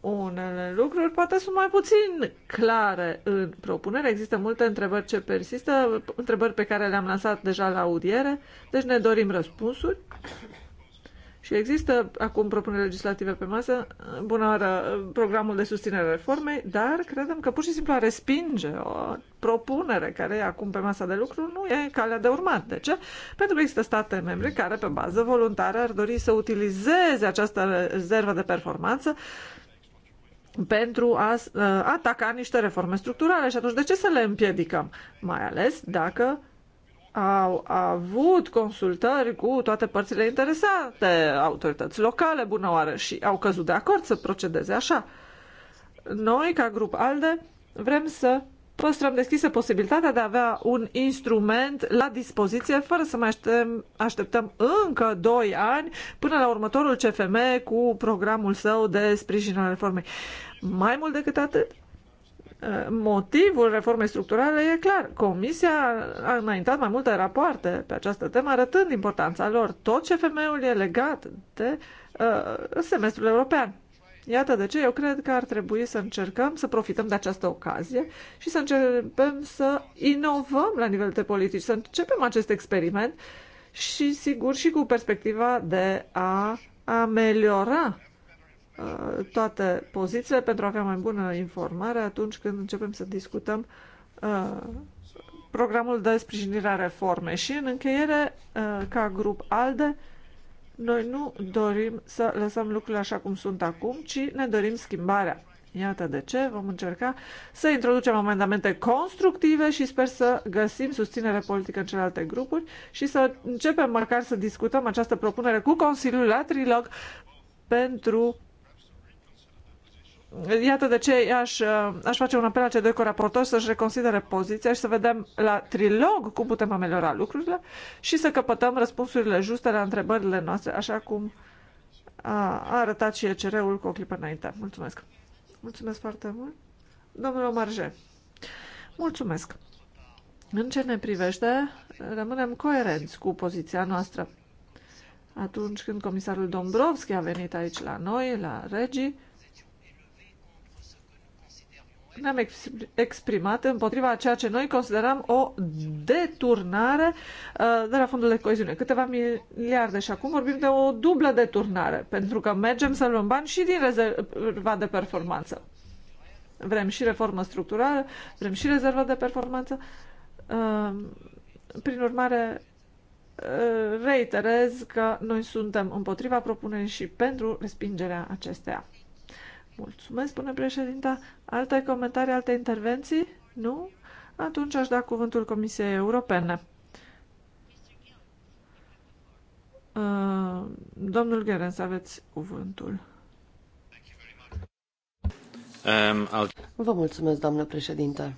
unele lucruri poate sunt mai puțin clare în propunere. Există multe întrebări ce persistă, întrebări pe care le-am lansat deja la audiere, deci ne dorim răspunsuri și există acum propuneri legislative pe masă, bună oară, programul de susținere a reformei, dar credem că pur și simplu a respinge o propunere care e acum pe masa de lucru nu e calea de urmat. De ce? Pentru că există state membre care, pe bază voluntară, ar dori să utilizeze această rezervă de performanță pentru a uh, ataca niște reforme structurale. Și atunci, de ce să le împiedicăm? Mai ales dacă au avut consultări cu toate părțile interesate, autorități locale, bună oară, și au căzut de acord să procedeze așa. Noi, ca grup ALDE, vrem să păstrăm deschisă posibilitatea de a avea un instrument la dispoziție fără să mai așteptăm, așteptăm încă 2 ani până la următorul CFM cu programul său de sprijin al reformei. Mai mult decât atât, Motivul reformei structurale e clar. Comisia a înaintat mai multe rapoarte pe această temă, arătând importanța lor. Tot ce femeiul e legat de uh, semestrul european. Iată de ce eu cred că ar trebui să încercăm să profităm de această ocazie și să începem să inovăm la nivel de politici, să începem acest experiment și, sigur, și cu perspectiva de a ameliora Uh, toate pozițiile pentru a avea mai bună informare atunci când începem să discutăm uh, programul de sprijinire a reformei. Și în încheiere, uh, ca grup ALDE, noi nu dorim să lăsăm lucrurile așa cum sunt acum, ci ne dorim schimbarea. Iată de ce vom încerca să introducem amendamente constructive și sper să găsim susținere politică în celelalte grupuri și să începem măcar să discutăm această propunere cu Consiliul la trilog pentru Iată de ce aș, uh, aș face un apel la cei doi coraportori să-și reconsidere poziția și să vedem la trilog cum putem ameliora lucrurile și să căpătăm răspunsurile juste la întrebările noastre, așa cum a, a arătat și ECR-ul cu o clipă înainte. Mulțumesc! Mulțumesc foarte mult! Domnul Omarje, mulțumesc! În ce ne privește, rămânem coerenți cu poziția noastră. Atunci când comisarul Dombrovski a venit aici la noi, la regii, ne-am exprimat împotriva a ceea ce noi considerăm o deturnare uh, de la fondul de coeziune. Câteva miliarde și acum vorbim de o dublă deturnare, pentru că mergem să luăm bani și din rezerva de performanță. Vrem și reformă structurală, vrem și rezervă de performanță. Uh, prin urmare, uh, reiterez că noi suntem împotriva propunerii și pentru respingerea acesteia. Mulțumesc, spune președinta. Alte comentarii, alte intervenții? Nu? Atunci aș da cuvântul Comisiei Europene. Uh, domnul Gerens, aveți cuvântul. Um, Vă mulțumesc, doamnă președinte.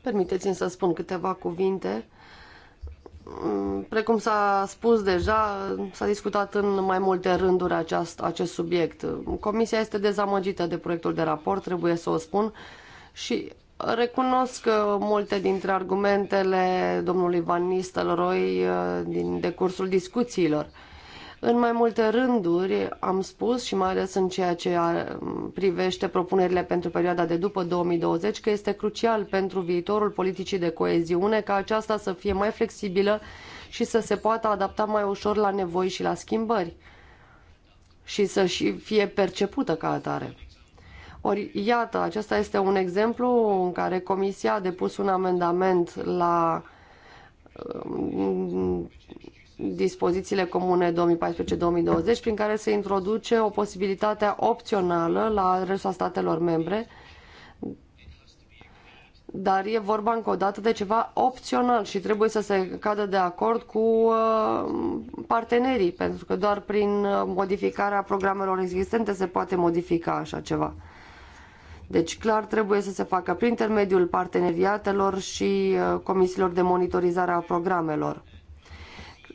Permiteți-mi să spun câteva cuvinte Mm, precum s-a spus deja, s-a discutat în mai multe rânduri aceast, acest subiect. Comisia este dezamăgită de proiectul de raport, trebuie să o spun, și recunosc că multe dintre argumentele domnului Van Nistelrooy uh, din decursul discuțiilor. În mai multe rânduri am spus și mai ales în ceea ce privește propunerile pentru perioada de după 2020 că este crucial pentru viitorul politicii de coeziune ca aceasta să fie mai flexibilă și să se poată adapta mai ușor la nevoi și la schimbări și să și fie percepută ca atare. Ori, iată, acesta este un exemplu în care Comisia a depus un amendament la dispozițiile comune 2014-2020 prin care se introduce o posibilitate opțională la adresa statelor membre dar e vorba încă o dată de ceva opțional și trebuie să se cadă de acord cu uh, partenerii, pentru că doar prin uh, modificarea programelor existente se poate modifica așa ceva. Deci clar trebuie să se facă prin intermediul parteneriatelor și uh, comisiilor de monitorizare a programelor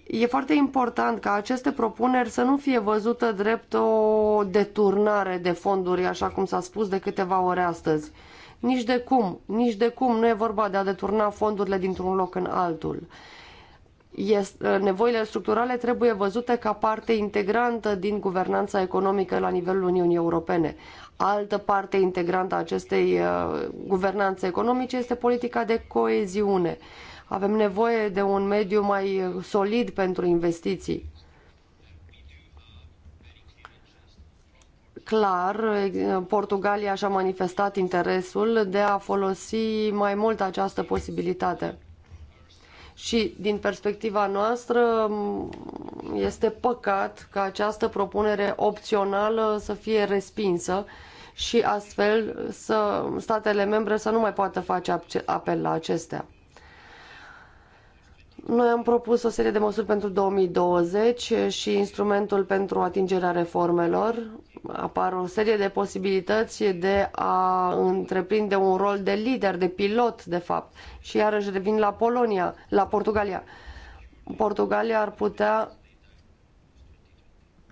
e foarte important ca aceste propuneri să nu fie văzute drept o deturnare de fonduri, așa cum s-a spus de câteva ore astăzi. Nici de cum, nici de cum nu e vorba de a deturna fondurile dintr-un loc în altul. Este, nevoile structurale trebuie văzute ca parte integrantă din guvernanța economică la nivelul Uniunii Europene. Altă parte integrantă a acestei uh, guvernanțe economice este politica de coeziune. Avem nevoie de un mediu mai solid pentru investiții. Clar, Portugalia și-a manifestat interesul de a folosi mai mult această posibilitate. Și din perspectiva noastră este păcat că această propunere opțională să fie respinsă și astfel să statele membre să nu mai poată face apel la acestea. Noi am propus o serie de măsuri pentru 2020 și instrumentul pentru atingerea reformelor. Apar o serie de posibilități de a întreprinde un rol de lider, de pilot, de fapt. Și iarăși revin la Polonia, la Portugalia. Portugalia ar putea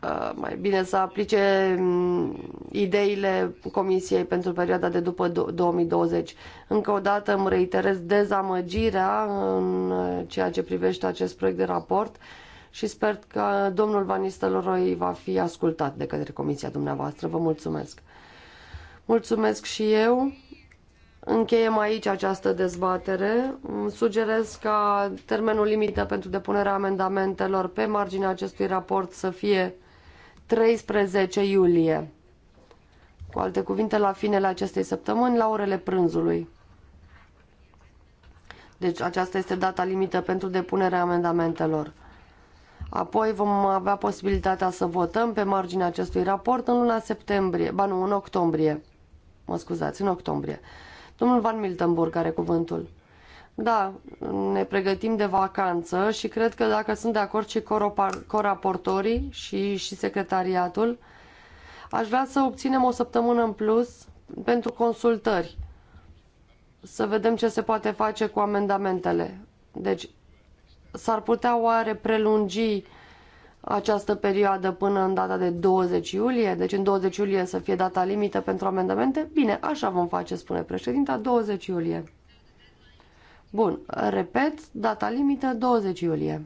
Uh, mai bine să aplice mm, ideile Comisiei pentru perioada de după 2020. Încă o dată îmi reiterez dezamăgirea în uh, ceea ce privește acest proiect de raport și sper că domnul Van Nistelrooy va fi ascultat de către Comisia dumneavoastră. Vă mulțumesc! Mulțumesc și eu! Încheiem aici această dezbatere. Sugerez ca termenul limită pentru depunerea amendamentelor pe marginea acestui raport să fie 13 iulie. Cu alte cuvinte, la finele acestei săptămâni, la orele prânzului. Deci aceasta este data limită pentru depunerea amendamentelor. Apoi vom avea posibilitatea să votăm pe marginea acestui raport în luna septembrie, ba nu, în octombrie. Mă scuzați, în octombrie. Domnul Van Miltenburg are cuvântul. Da, ne pregătim de vacanță și cred că dacă sunt de acord și coraportorii și, și secretariatul, aș vrea să obținem o săptămână în plus pentru consultări. Să vedem ce se poate face cu amendamentele. Deci, s-ar putea oare prelungi această perioadă până în data de 20 iulie, deci în 20 iulie să fie data limită pentru amendamente? Bine, așa vom face, spune președinta, 20 iulie. Bun, repet, data limită 20 iulie.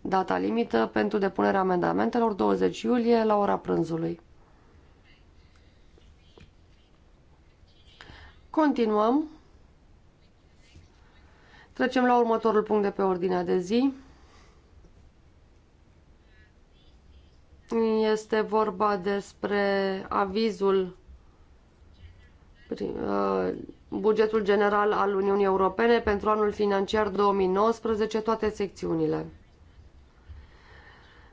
Data limită pentru depunerea amendamentelor 20 iulie la ora prânzului. Continuăm. Trecem la următorul punct de pe ordinea de zi. Este vorba despre avizul uh, bugetul general al Uniunii Europene pentru anul financiar 2019, toate secțiunile.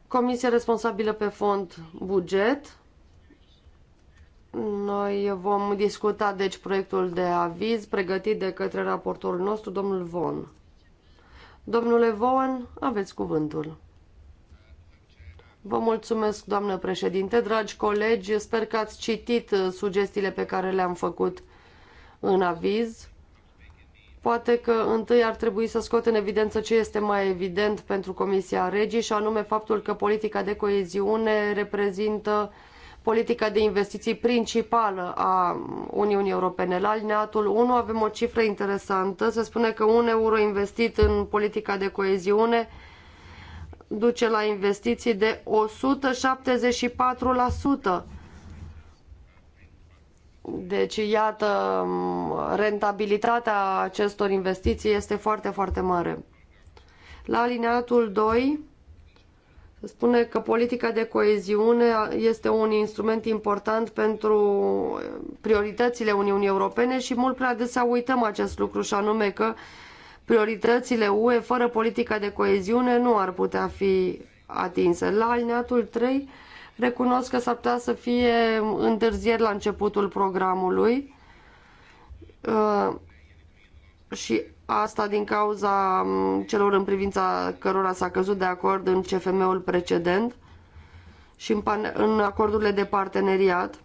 Comisia responsabilă pe fond buget. Noi vom discuta deci proiectul de aviz pregătit de către raportorul nostru, domnul Von. Domnule Vaughan, aveți cuvântul. Vă mulțumesc, doamnă președinte, dragi colegi, sper că ați citit sugestiile pe care le-am făcut în aviz. Poate că întâi ar trebui să scot în evidență ce este mai evident pentru Comisia Regii și anume faptul că politica de coeziune reprezintă politica de investiții principală a Uniunii Europene. La alineatul 1 avem o cifră interesantă. Se spune că un euro investit în politica de coeziune duce la investiții de 174%. Deci, iată, rentabilitatea acestor investiții este foarte, foarte mare. La alineatul 2 se spune că politica de coeziune este un instrument important pentru prioritățile Uniunii Europene și mult prea să uităm acest lucru și anume că prioritățile UE fără politica de coeziune nu ar putea fi atinse. La alineatul 3 Recunosc că s-ar putea să fie întârzieri la începutul programului uh, și asta din cauza um, celor în privința cărora s-a căzut de acord în CFM-ul precedent și în, acordurile de parteneriat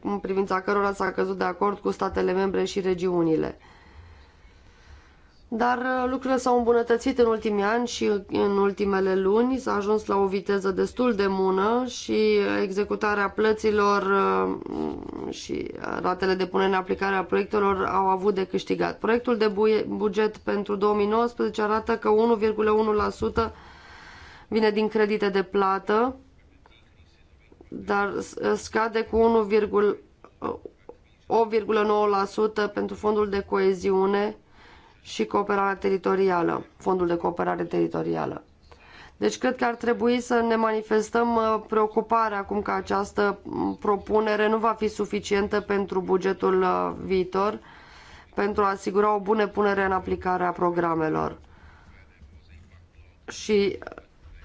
în privința cărora s-a căzut de acord cu statele membre și regiunile. Dar uh, lucrurile s-au îmbunătățit în ultimii ani și în ultimele luni s-a ajuns la o viteză destul de mună și executarea plăților uh, și ratele de punere în aplicare a proiectelor au avut de câștigat. Proiectul de buget pentru 2019 arată că 1,1% vine din credite de plată, dar uh, scade cu 1,9% pentru fondul de coeziune și cooperarea teritorială, fondul de cooperare teritorială. Deci cred că ar trebui să ne manifestăm uh, preocuparea acum că această propunere nu va fi suficientă pentru bugetul uh, viitor pentru a asigura o bună punere în aplicare a programelor. Și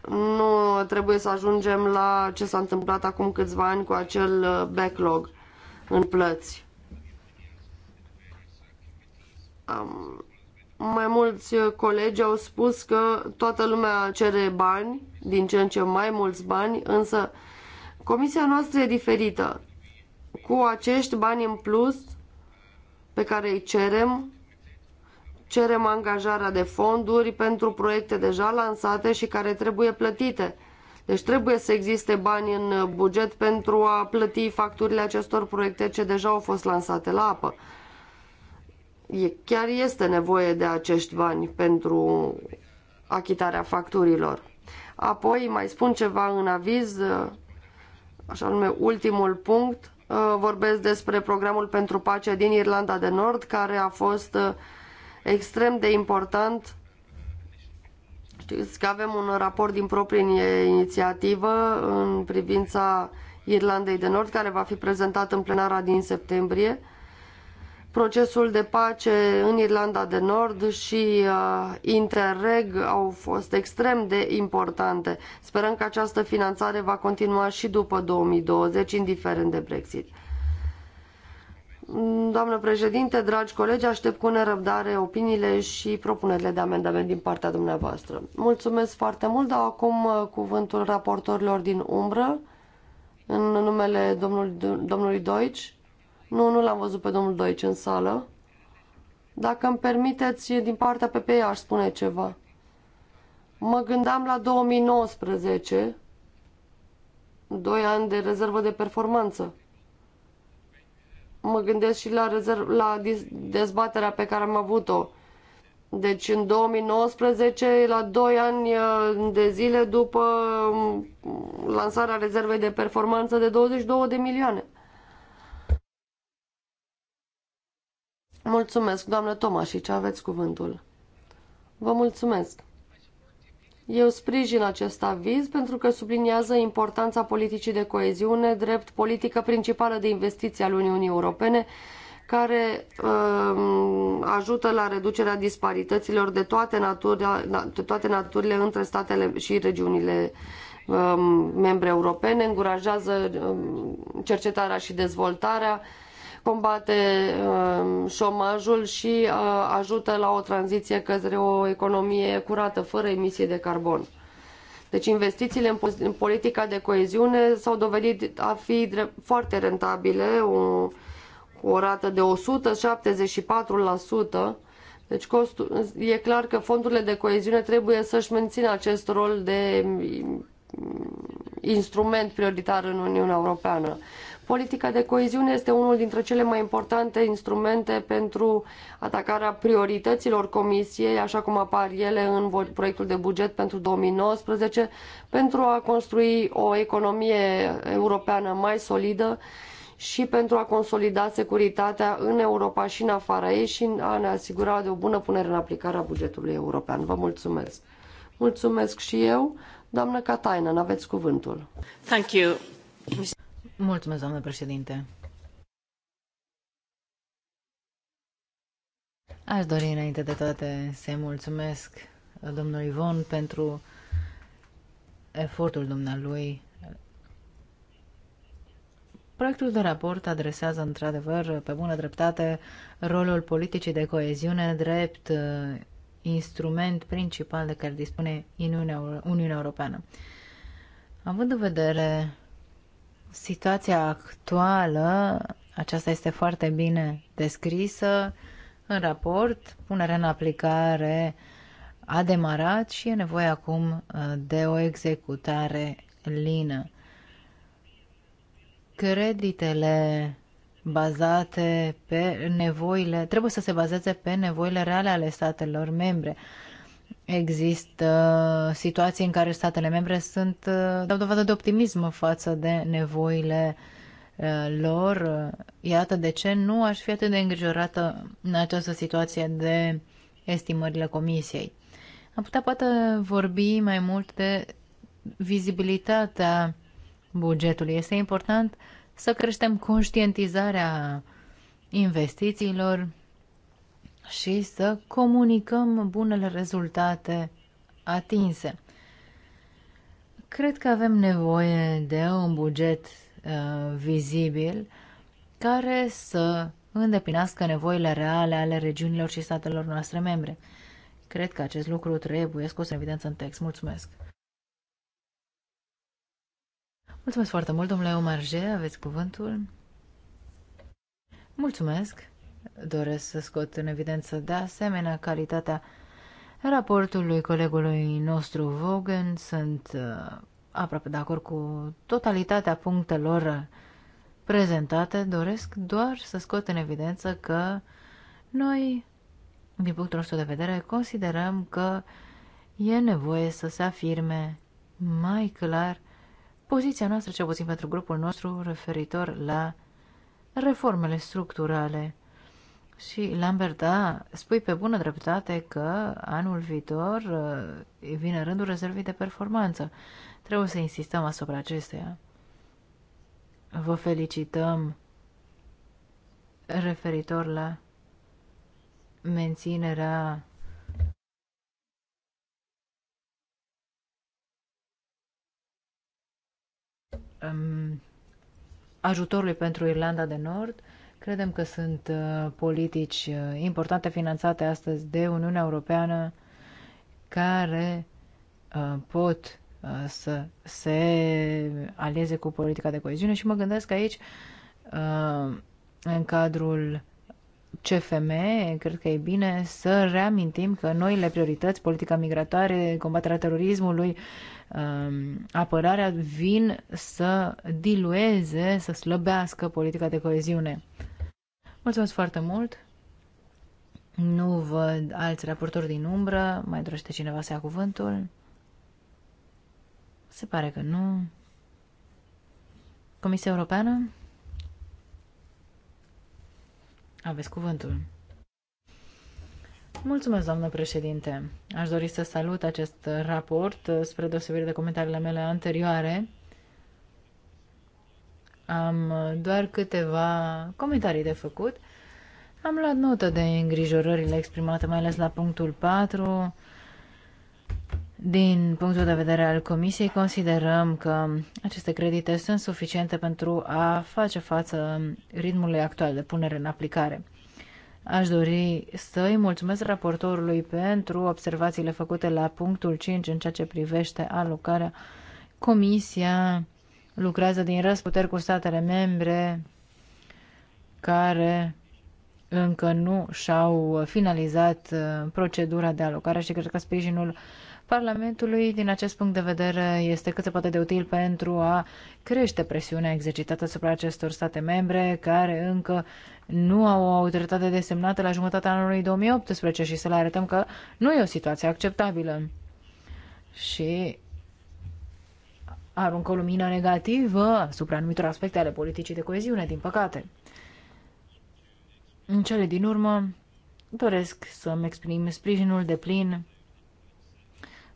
uh, nu trebuie să ajungem la ce s-a întâmplat acum câțiva ani cu acel backlog în plăți. Um, mai mulți uh, colegi au spus că toată lumea cere bani, din ce în ce mai mulți bani, însă comisia noastră e diferită. Cu acești bani în plus pe care îi cerem, cerem angajarea de fonduri pentru proiecte deja lansate și care trebuie plătite. Deci trebuie să existe bani în uh, buget pentru a plăti facturile acestor proiecte ce deja au fost lansate la apă. E, chiar este nevoie de acești bani pentru achitarea facturilor. Apoi mai spun ceva în aviz, așa nume ultimul punct, uh, vorbesc despre programul pentru pace din Irlanda de Nord, care a fost uh, extrem de important. Știți că avem un raport din proprie inițiativă în privința Irlandei de Nord, care va fi prezentat în plenara din septembrie Procesul de pace în Irlanda de Nord și uh, Interreg au fost extrem de importante. Sperăm că această finanțare va continua și după 2020, indiferent de Brexit. Doamnă președinte, dragi colegi, aștept cu nerăbdare opiniile și propunerile de amendament din partea dumneavoastră. Mulțumesc foarte mult, dau acum uh, cuvântul raportorilor din umbră în numele domnului, domnului Deutsch. Nu, nu l-am văzut pe domnul Doici în sală. Dacă îmi permiteți, din partea PPI aș spune ceva. Mă gândeam la 2019, doi ani de rezervă de performanță. Mă gândesc și la, rezerv, la dezbaterea pe care am avut-o. Deci în 2019, la doi ani uh, de zile după um, lansarea rezervei de performanță de 22 de milioane. Mulțumesc, doamnă Tomașici, aveți cuvântul. Vă mulțumesc. Eu sprijin acest aviz pentru că subliniază importanța politicii de coeziune drept politică principală de investiții al Uniunii Europene, care uh, ajută la reducerea disparităților de toate, natura, de toate naturile între statele și regiunile uh, membre europene, încurajează uh, cercetarea și dezvoltarea, uh, combate um, șomajul și uh, ajută la o tranziție către o economie curată, fără emisii de carbon. Deci investițiile în politica de coeziune s-au dovedit a fi foarte rentabile, o, o rată de 174%. Deci costul, e clar că fondurile de coeziune trebuie să-și mențină acest rol de mm, instrument prioritar în Uniunea Europeană. Politica de coeziune este unul dintre cele mai importante instrumente pentru atacarea priorităților Comisiei, așa cum apar ele în proiectul de buget pentru 2019, pentru a construi o economie europeană mai solidă și pentru a consolida securitatea în Europa și în afara ei și a ne asigura de o bună punere în aplicare a bugetului european. Vă mulțumesc! Mulțumesc și eu! Doamnă Katainen, aveți cuvântul. Thank you. Mulțumesc, doamnă președinte. Aș dori înainte de toate să-i mulțumesc domnului Ivon pentru efortul dumnealui. Proiectul de raport adresează într-adevăr pe bună dreptate rolul politicii de coeziune drept uh, instrument principal de care dispune Uniunea, Uniunea Europeană. Având în vedere Situația actuală, aceasta este foarte bine descrisă în raport, punerea în aplicare a demarat și e nevoie acum uh, de o executare lină. Creditele bazate pe nevoile, trebuie să se bazeze pe nevoile reale ale statelor membre. Există situații în care statele membre sunt, uh, dau dovadă de optimism față de nevoile uh, lor. Iată de ce nu aș fi atât de îngrijorată în această situație de estimările comisiei. Am putea poate vorbi mai mult de vizibilitatea bugetului. Este important să creștem conștientizarea investițiilor, și să comunicăm bunele rezultate atinse. Cred că avem nevoie de un buget uh, vizibil care să îndeplinească nevoile reale ale regiunilor și statelor noastre membre. Cred că acest lucru trebuie scos în evidență în text. Mulțumesc! Mulțumesc foarte mult, domnule Omarje, aveți cuvântul. Mulțumesc! doresc să scot în evidență de asemenea calitatea raportului colegului nostru Vogan. Sunt uh, aproape de acord cu totalitatea punctelor prezentate. Doresc doar să scot în evidență că noi, din punctul nostru de vedere, considerăm că e nevoie să se afirme mai clar poziția noastră, cel puțin pentru grupul nostru, referitor la reformele structurale și, Lambert, da, spui pe bună dreptate că anul viitor uh, vine rândul rezervii de performanță. Trebuie să insistăm asupra acesteia. Vă felicităm referitor la menținerea um, ajutorului pentru Irlanda de Nord Credem că sunt uh, politici uh, importante finanțate astăzi de Uniunea Europeană care uh, pot să se alieze cu politica de coeziune și mă gândesc aici în cadrul CFM, cred că e bine să reamintim că noile priorități, politica migratoare, combaterea terorismului, um, apărarea, vin să dilueze, să slăbească politica de coeziune. Mulțumesc foarte mult. Nu văd alți raportori din umbră. Mai dorește cineva să ia cuvântul? Se pare că nu. Comisia Europeană? Aveți cuvântul. Mulțumesc, doamnă președinte. Aș dori să salut acest raport, spre deosebire de comentariile mele anterioare. Am uh, doar câteva comentarii de făcut. Am luat notă de îngrijorările exprimate, mai ales la punctul 4. Din punctul de vedere al Comisiei, considerăm că aceste credite sunt suficiente pentru a face față ritmului actual de punere în aplicare. Aș dori să îi mulțumesc raportorului pentru observațiile făcute la punctul 5 în ceea ce privește alocarea. Comisia lucrează din răsputeri cu statele membre care încă nu și-au finalizat uh, procedura de alocare și cred că sprijinul Parlamentului din acest punct de vedere este cât se poate de util pentru a crește presiunea exercitată asupra acestor state membre care încă nu au o autoritate desemnată la jumătatea anului 2018 și să le arătăm că nu e o situație acceptabilă. Și aruncă o lumină negativă asupra anumitor aspecte ale politicii de coeziune, din păcate. În cele din urmă, doresc să-mi exprim sprijinul de plin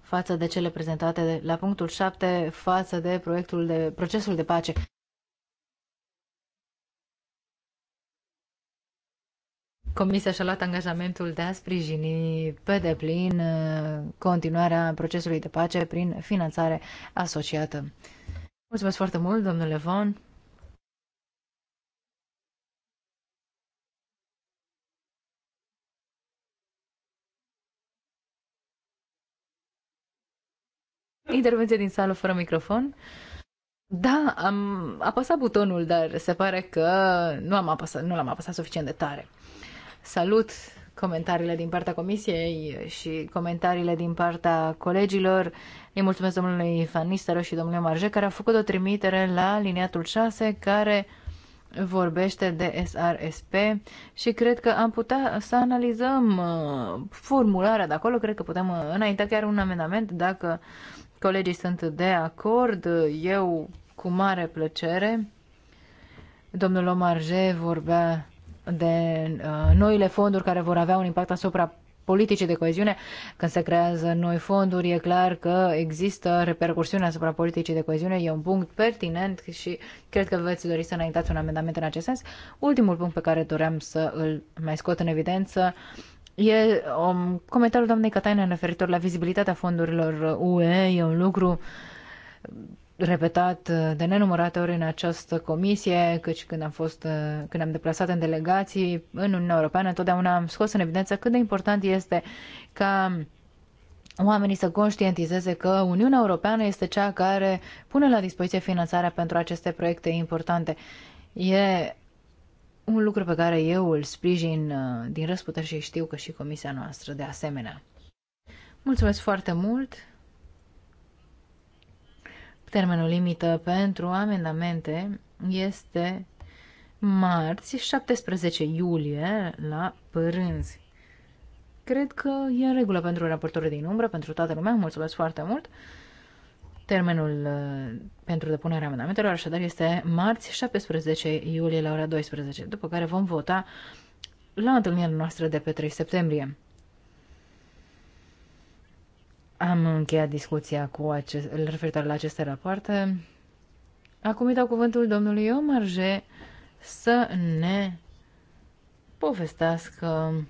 față de cele prezentate la punctul 7, față de proiectul de procesul de pace. Comisia și-a luat angajamentul de a sprijini pe deplin uh, continuarea procesului de pace prin finanțare asociată. Mulțumesc foarte mult, domnule Von. Intervenție din sală fără microfon. Da, am apăsat butonul, dar se pare că nu, am apăsat, nu l-am apăsat suficient de tare. Salut comentariile din partea comisiei și comentariile din partea colegilor. Îi mulțumesc domnului Nistero și domnului Marje care au făcut o trimitere la liniatul 6 care vorbește de SRSP și cred că am putea să analizăm uh, formularea de acolo, cred că putem uh, înainta chiar un amendament dacă colegii sunt de acord, eu cu mare plăcere. Domnul Omarje vorbea de uh, noile fonduri care vor avea un impact asupra politicii de coeziune. Când se creează noi fonduri, e clar că există repercursiune asupra politicii de coeziune. E un punct pertinent și cred că veți dori să înaintați un amendament în acest sens. Ultimul punct pe care doream să îl mai scot în evidență E um, comentariul doamnei Catainen referitor la vizibilitatea fondurilor uh, UE, e un lucru repetat uh, de nenumărate ori în această comisie, căci când am, fost, uh, când am deplasat în delegații în Uniunea Europeană, întotdeauna am scos în evidență cât de important este ca oamenii să conștientizeze că Uniunea Europeană este cea care pune la dispoziție finanțarea pentru aceste proiecte importante. E un lucru pe care eu îl sprijin uh, din răsputeri și știu că și comisia noastră de asemenea. Mulțumesc foarte mult! Termenul limită pentru amendamente este marți, 17 iulie, la prânz. Cred că e în regulă pentru raportorii din umbră, pentru toată lumea. Mulțumesc foarte mult! Termenul uh, pentru depunerea amendamentelor așadar este marți 17 iulie la ora 12, după care vom vota la întâlnirea noastră de pe 3 septembrie. Am încheiat discuția cu acest, referitor la aceste rapoarte. Acum îi dau cuvântul domnului Omarje să ne povestească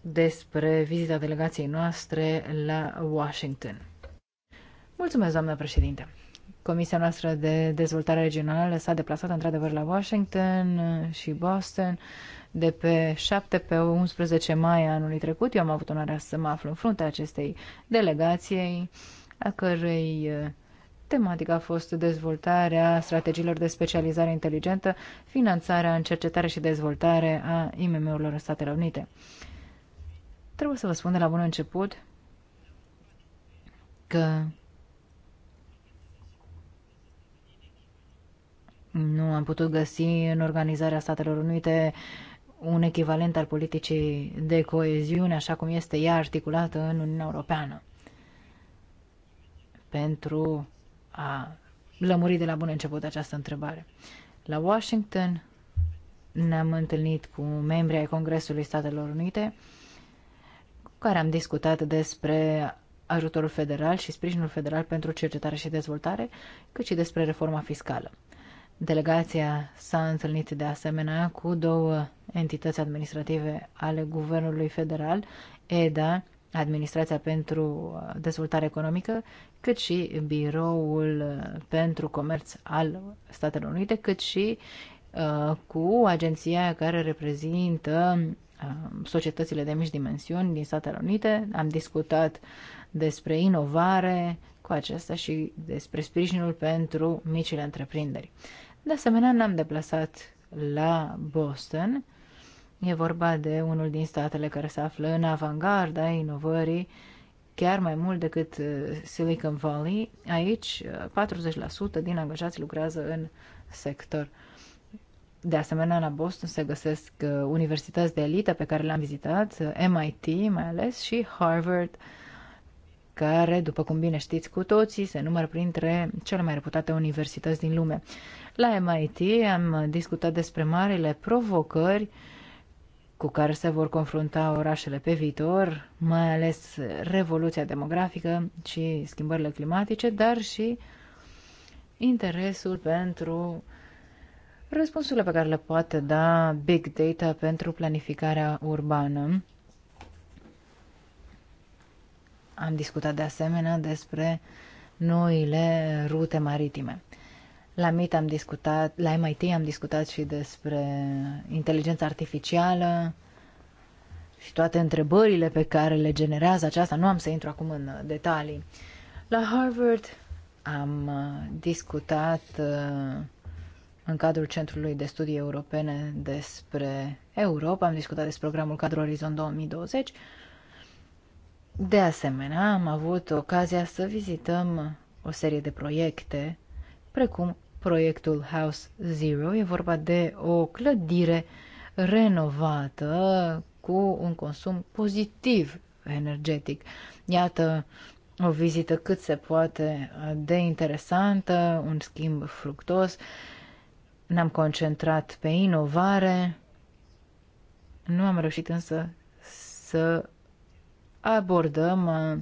despre vizita delegației noastre la Washington. Mulțumesc, doamnă președinte! Comisia noastră de dezvoltare regională s-a deplasat într-adevăr la Washington și Boston de pe 7 pe 11 mai anului trecut. Eu am avut onoarea să mă aflu în fruntea acestei delegației, a cărei eh, tematică a fost dezvoltarea strategiilor de specializare inteligentă, finanțarea în cercetare și dezvoltare a IMM-urilor în Statele Unite. Trebuie să vă spun de la bun început că nu am putut găsi în Organizarea Statelor Unite un echivalent al politicii de coeziune, așa cum este ea articulată în Uniunea Europeană. Pentru a lămuri de la bun început această întrebare. La Washington ne-am întâlnit cu membrii ai Congresului Statelor Unite cu care am discutat despre ajutorul federal și sprijinul federal pentru cercetare și dezvoltare, cât și despre reforma fiscală. Delegația s-a întâlnit de asemenea cu două entități administrative ale Guvernului Federal, EDA, Administrația pentru Dezvoltare Economică, cât și Biroul pentru Comerț al Statelor Unite, cât și uh, cu agenția care reprezintă uh, societățile de mici dimensiuni din Statele Unite. Am discutat despre inovare cu acesta și despre sprijinul pentru micile întreprinderi. De asemenea, ne-am deplasat la Boston. E vorba de unul din statele care se află în avangarda inovării, chiar mai mult decât uh, Silicon Valley. Aici, 40% uh, din angajați lucrează în sector. De asemenea, la Boston se găsesc uh, universități de elită pe care le-am vizitat, MIT mai ales și Harvard, care, după cum bine știți cu toții, se numără printre cele mai reputate universități din lume. La MIT am discutat despre marile provocări cu care se vor confrunta orașele pe viitor, mai ales revoluția demografică și schimbările climatice, dar și interesul pentru răspunsurile pe care le poate da big data pentru planificarea urbană. Am discutat de asemenea despre noile rute maritime. La MIT am discutat, la MIT am discutat și despre inteligența artificială și toate întrebările pe care le generează aceasta. Nu am să intru acum în detalii. La Harvard am uh, discutat uh, în cadrul Centrului de Studii Europene despre Europa, am discutat despre programul cadru Orizont 2020. De asemenea, am avut ocazia să vizităm o serie de proiecte precum proiectul House Zero. E vorba de o clădire renovată cu un consum pozitiv energetic. Iată o vizită cât se poate de interesantă, un schimb fructos. Ne-am concentrat pe inovare. Nu am reușit însă să abordăm uh,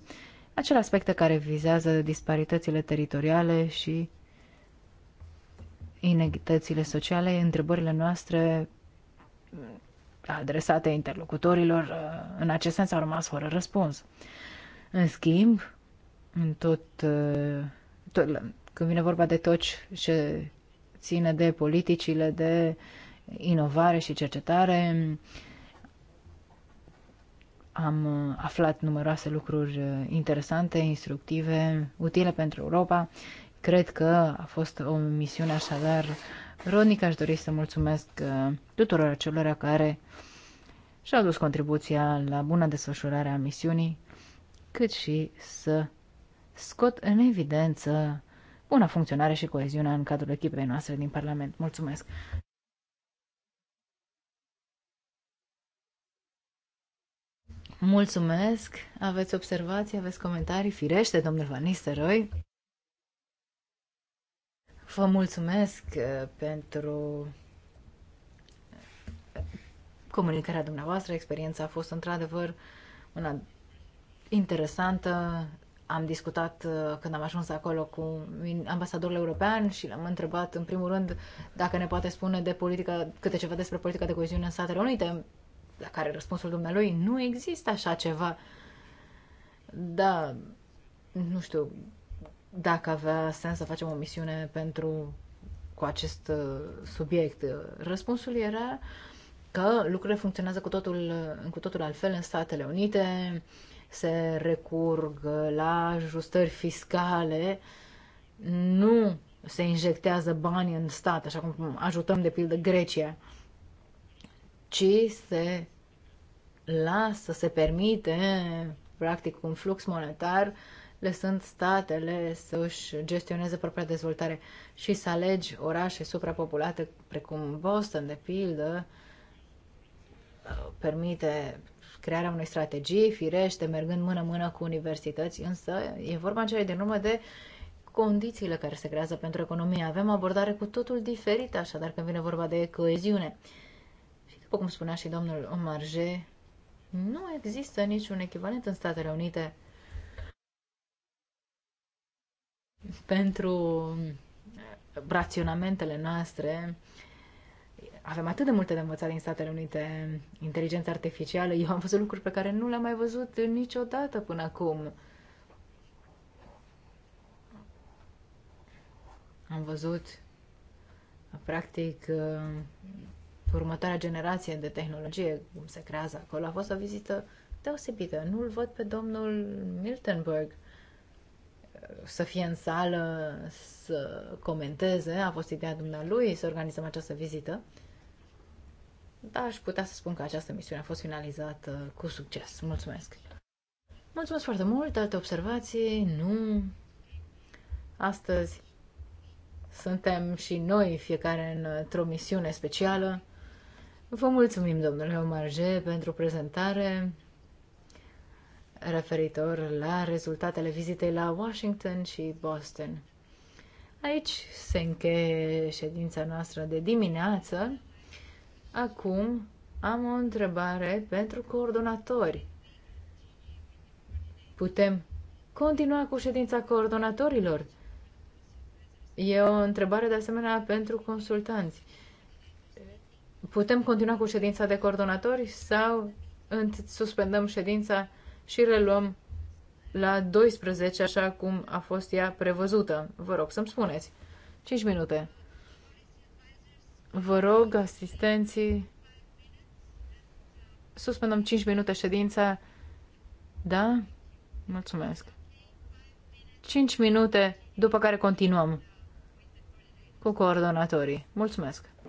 acele aspecte care vizează disparitățile teritoriale și inegitățile sociale, întrebările noastre mm, adresate interlocutorilor uh, în acest sens au rămas fără răspuns. În schimb, în tot, uh, tot când vine vorba de tot ce ține de politicile de inovare și cercetare, am uh, aflat numeroase lucruri interesante, instructive, utile pentru Europa Cred că a fost o misiune așadar rodnică. Aș dori să mulțumesc uh, tuturor acelora care și-au dus contribuția la buna desfășurare a misiunii, cât și să scot în evidență buna funcționare și coeziunea în cadrul echipei noastre din Parlament. Mulțumesc! Mulțumesc! Aveți observații, aveți comentarii? Firește, domnul Van Nistelrooy! Vă mulțumesc uh, pentru uh, comunicarea dumneavoastră. Experiența a fost într-adevăr una interesantă. Am discutat uh, când am ajuns acolo cu ambasadorul european și l-am întrebat în primul rând dacă ne poate spune de politică, câte ceva despre politica de coeziune în Statele Unite, la care răspunsul dumnealui nu există așa ceva. Da, nu știu, dacă avea sens să facem o misiune pentru cu acest uh, subiect. Răspunsul era că lucrurile funcționează cu totul, uh, cu totul altfel în Statele Unite, se recurg la ajustări fiscale, nu se injectează bani în stat, așa cum ajutăm de pildă Grecia, ci se lasă, se permite practic un flux monetar uh, lăsând statele să își gestioneze propria dezvoltare și să alegi orașe suprapopulate precum Boston, de pildă, uh, permite crearea unei strategii, firește, mergând mână-mână cu universități, însă e vorba în cele din urmă de condițiile care se creează pentru economie. Avem abordare cu totul diferită, așadar când vine vorba de coeziune. Și după cum spunea și domnul Omarje, nu există niciun echivalent în Statele Unite pentru raționamentele noastre. Avem atât de multe de învățat din Statele Unite, inteligența artificială. Eu am văzut lucruri pe care nu le-am mai văzut niciodată până acum. Am văzut, practic, următoarea generație de tehnologie, cum se creează acolo. A fost o vizită deosebită. Nu-l văd pe domnul Miltenberg. Uh, să fie în sală, să comenteze, a fost ideea dumnealui să organizăm această vizită. dar aș putea să spun că această misiune a fost finalizată cu succes. Mulțumesc! Mulțumesc foarte mult! Alte observații? Nu. Astăzi suntem și noi, fiecare într-o misiune specială. Vă mulțumim, domnule Omarje, pentru prezentare referitor la rezultatele vizitei la Washington și Boston. Aici se încheie ședința noastră de dimineață. Acum am o întrebare pentru coordonatori. Putem continua cu ședința coordonatorilor? E o întrebare de asemenea pentru consultanți. Putem continua cu ședința de coordonatori sau suspendăm ședința și reluăm la 12, așa cum a fost ea prevăzută. Vă rog să-mi spuneți. 5 minute. Vă rog, asistenții, suspendăm 5 minute ședința. Da? Mulțumesc. 5 minute, după care continuăm cu coordonatorii. Mulțumesc!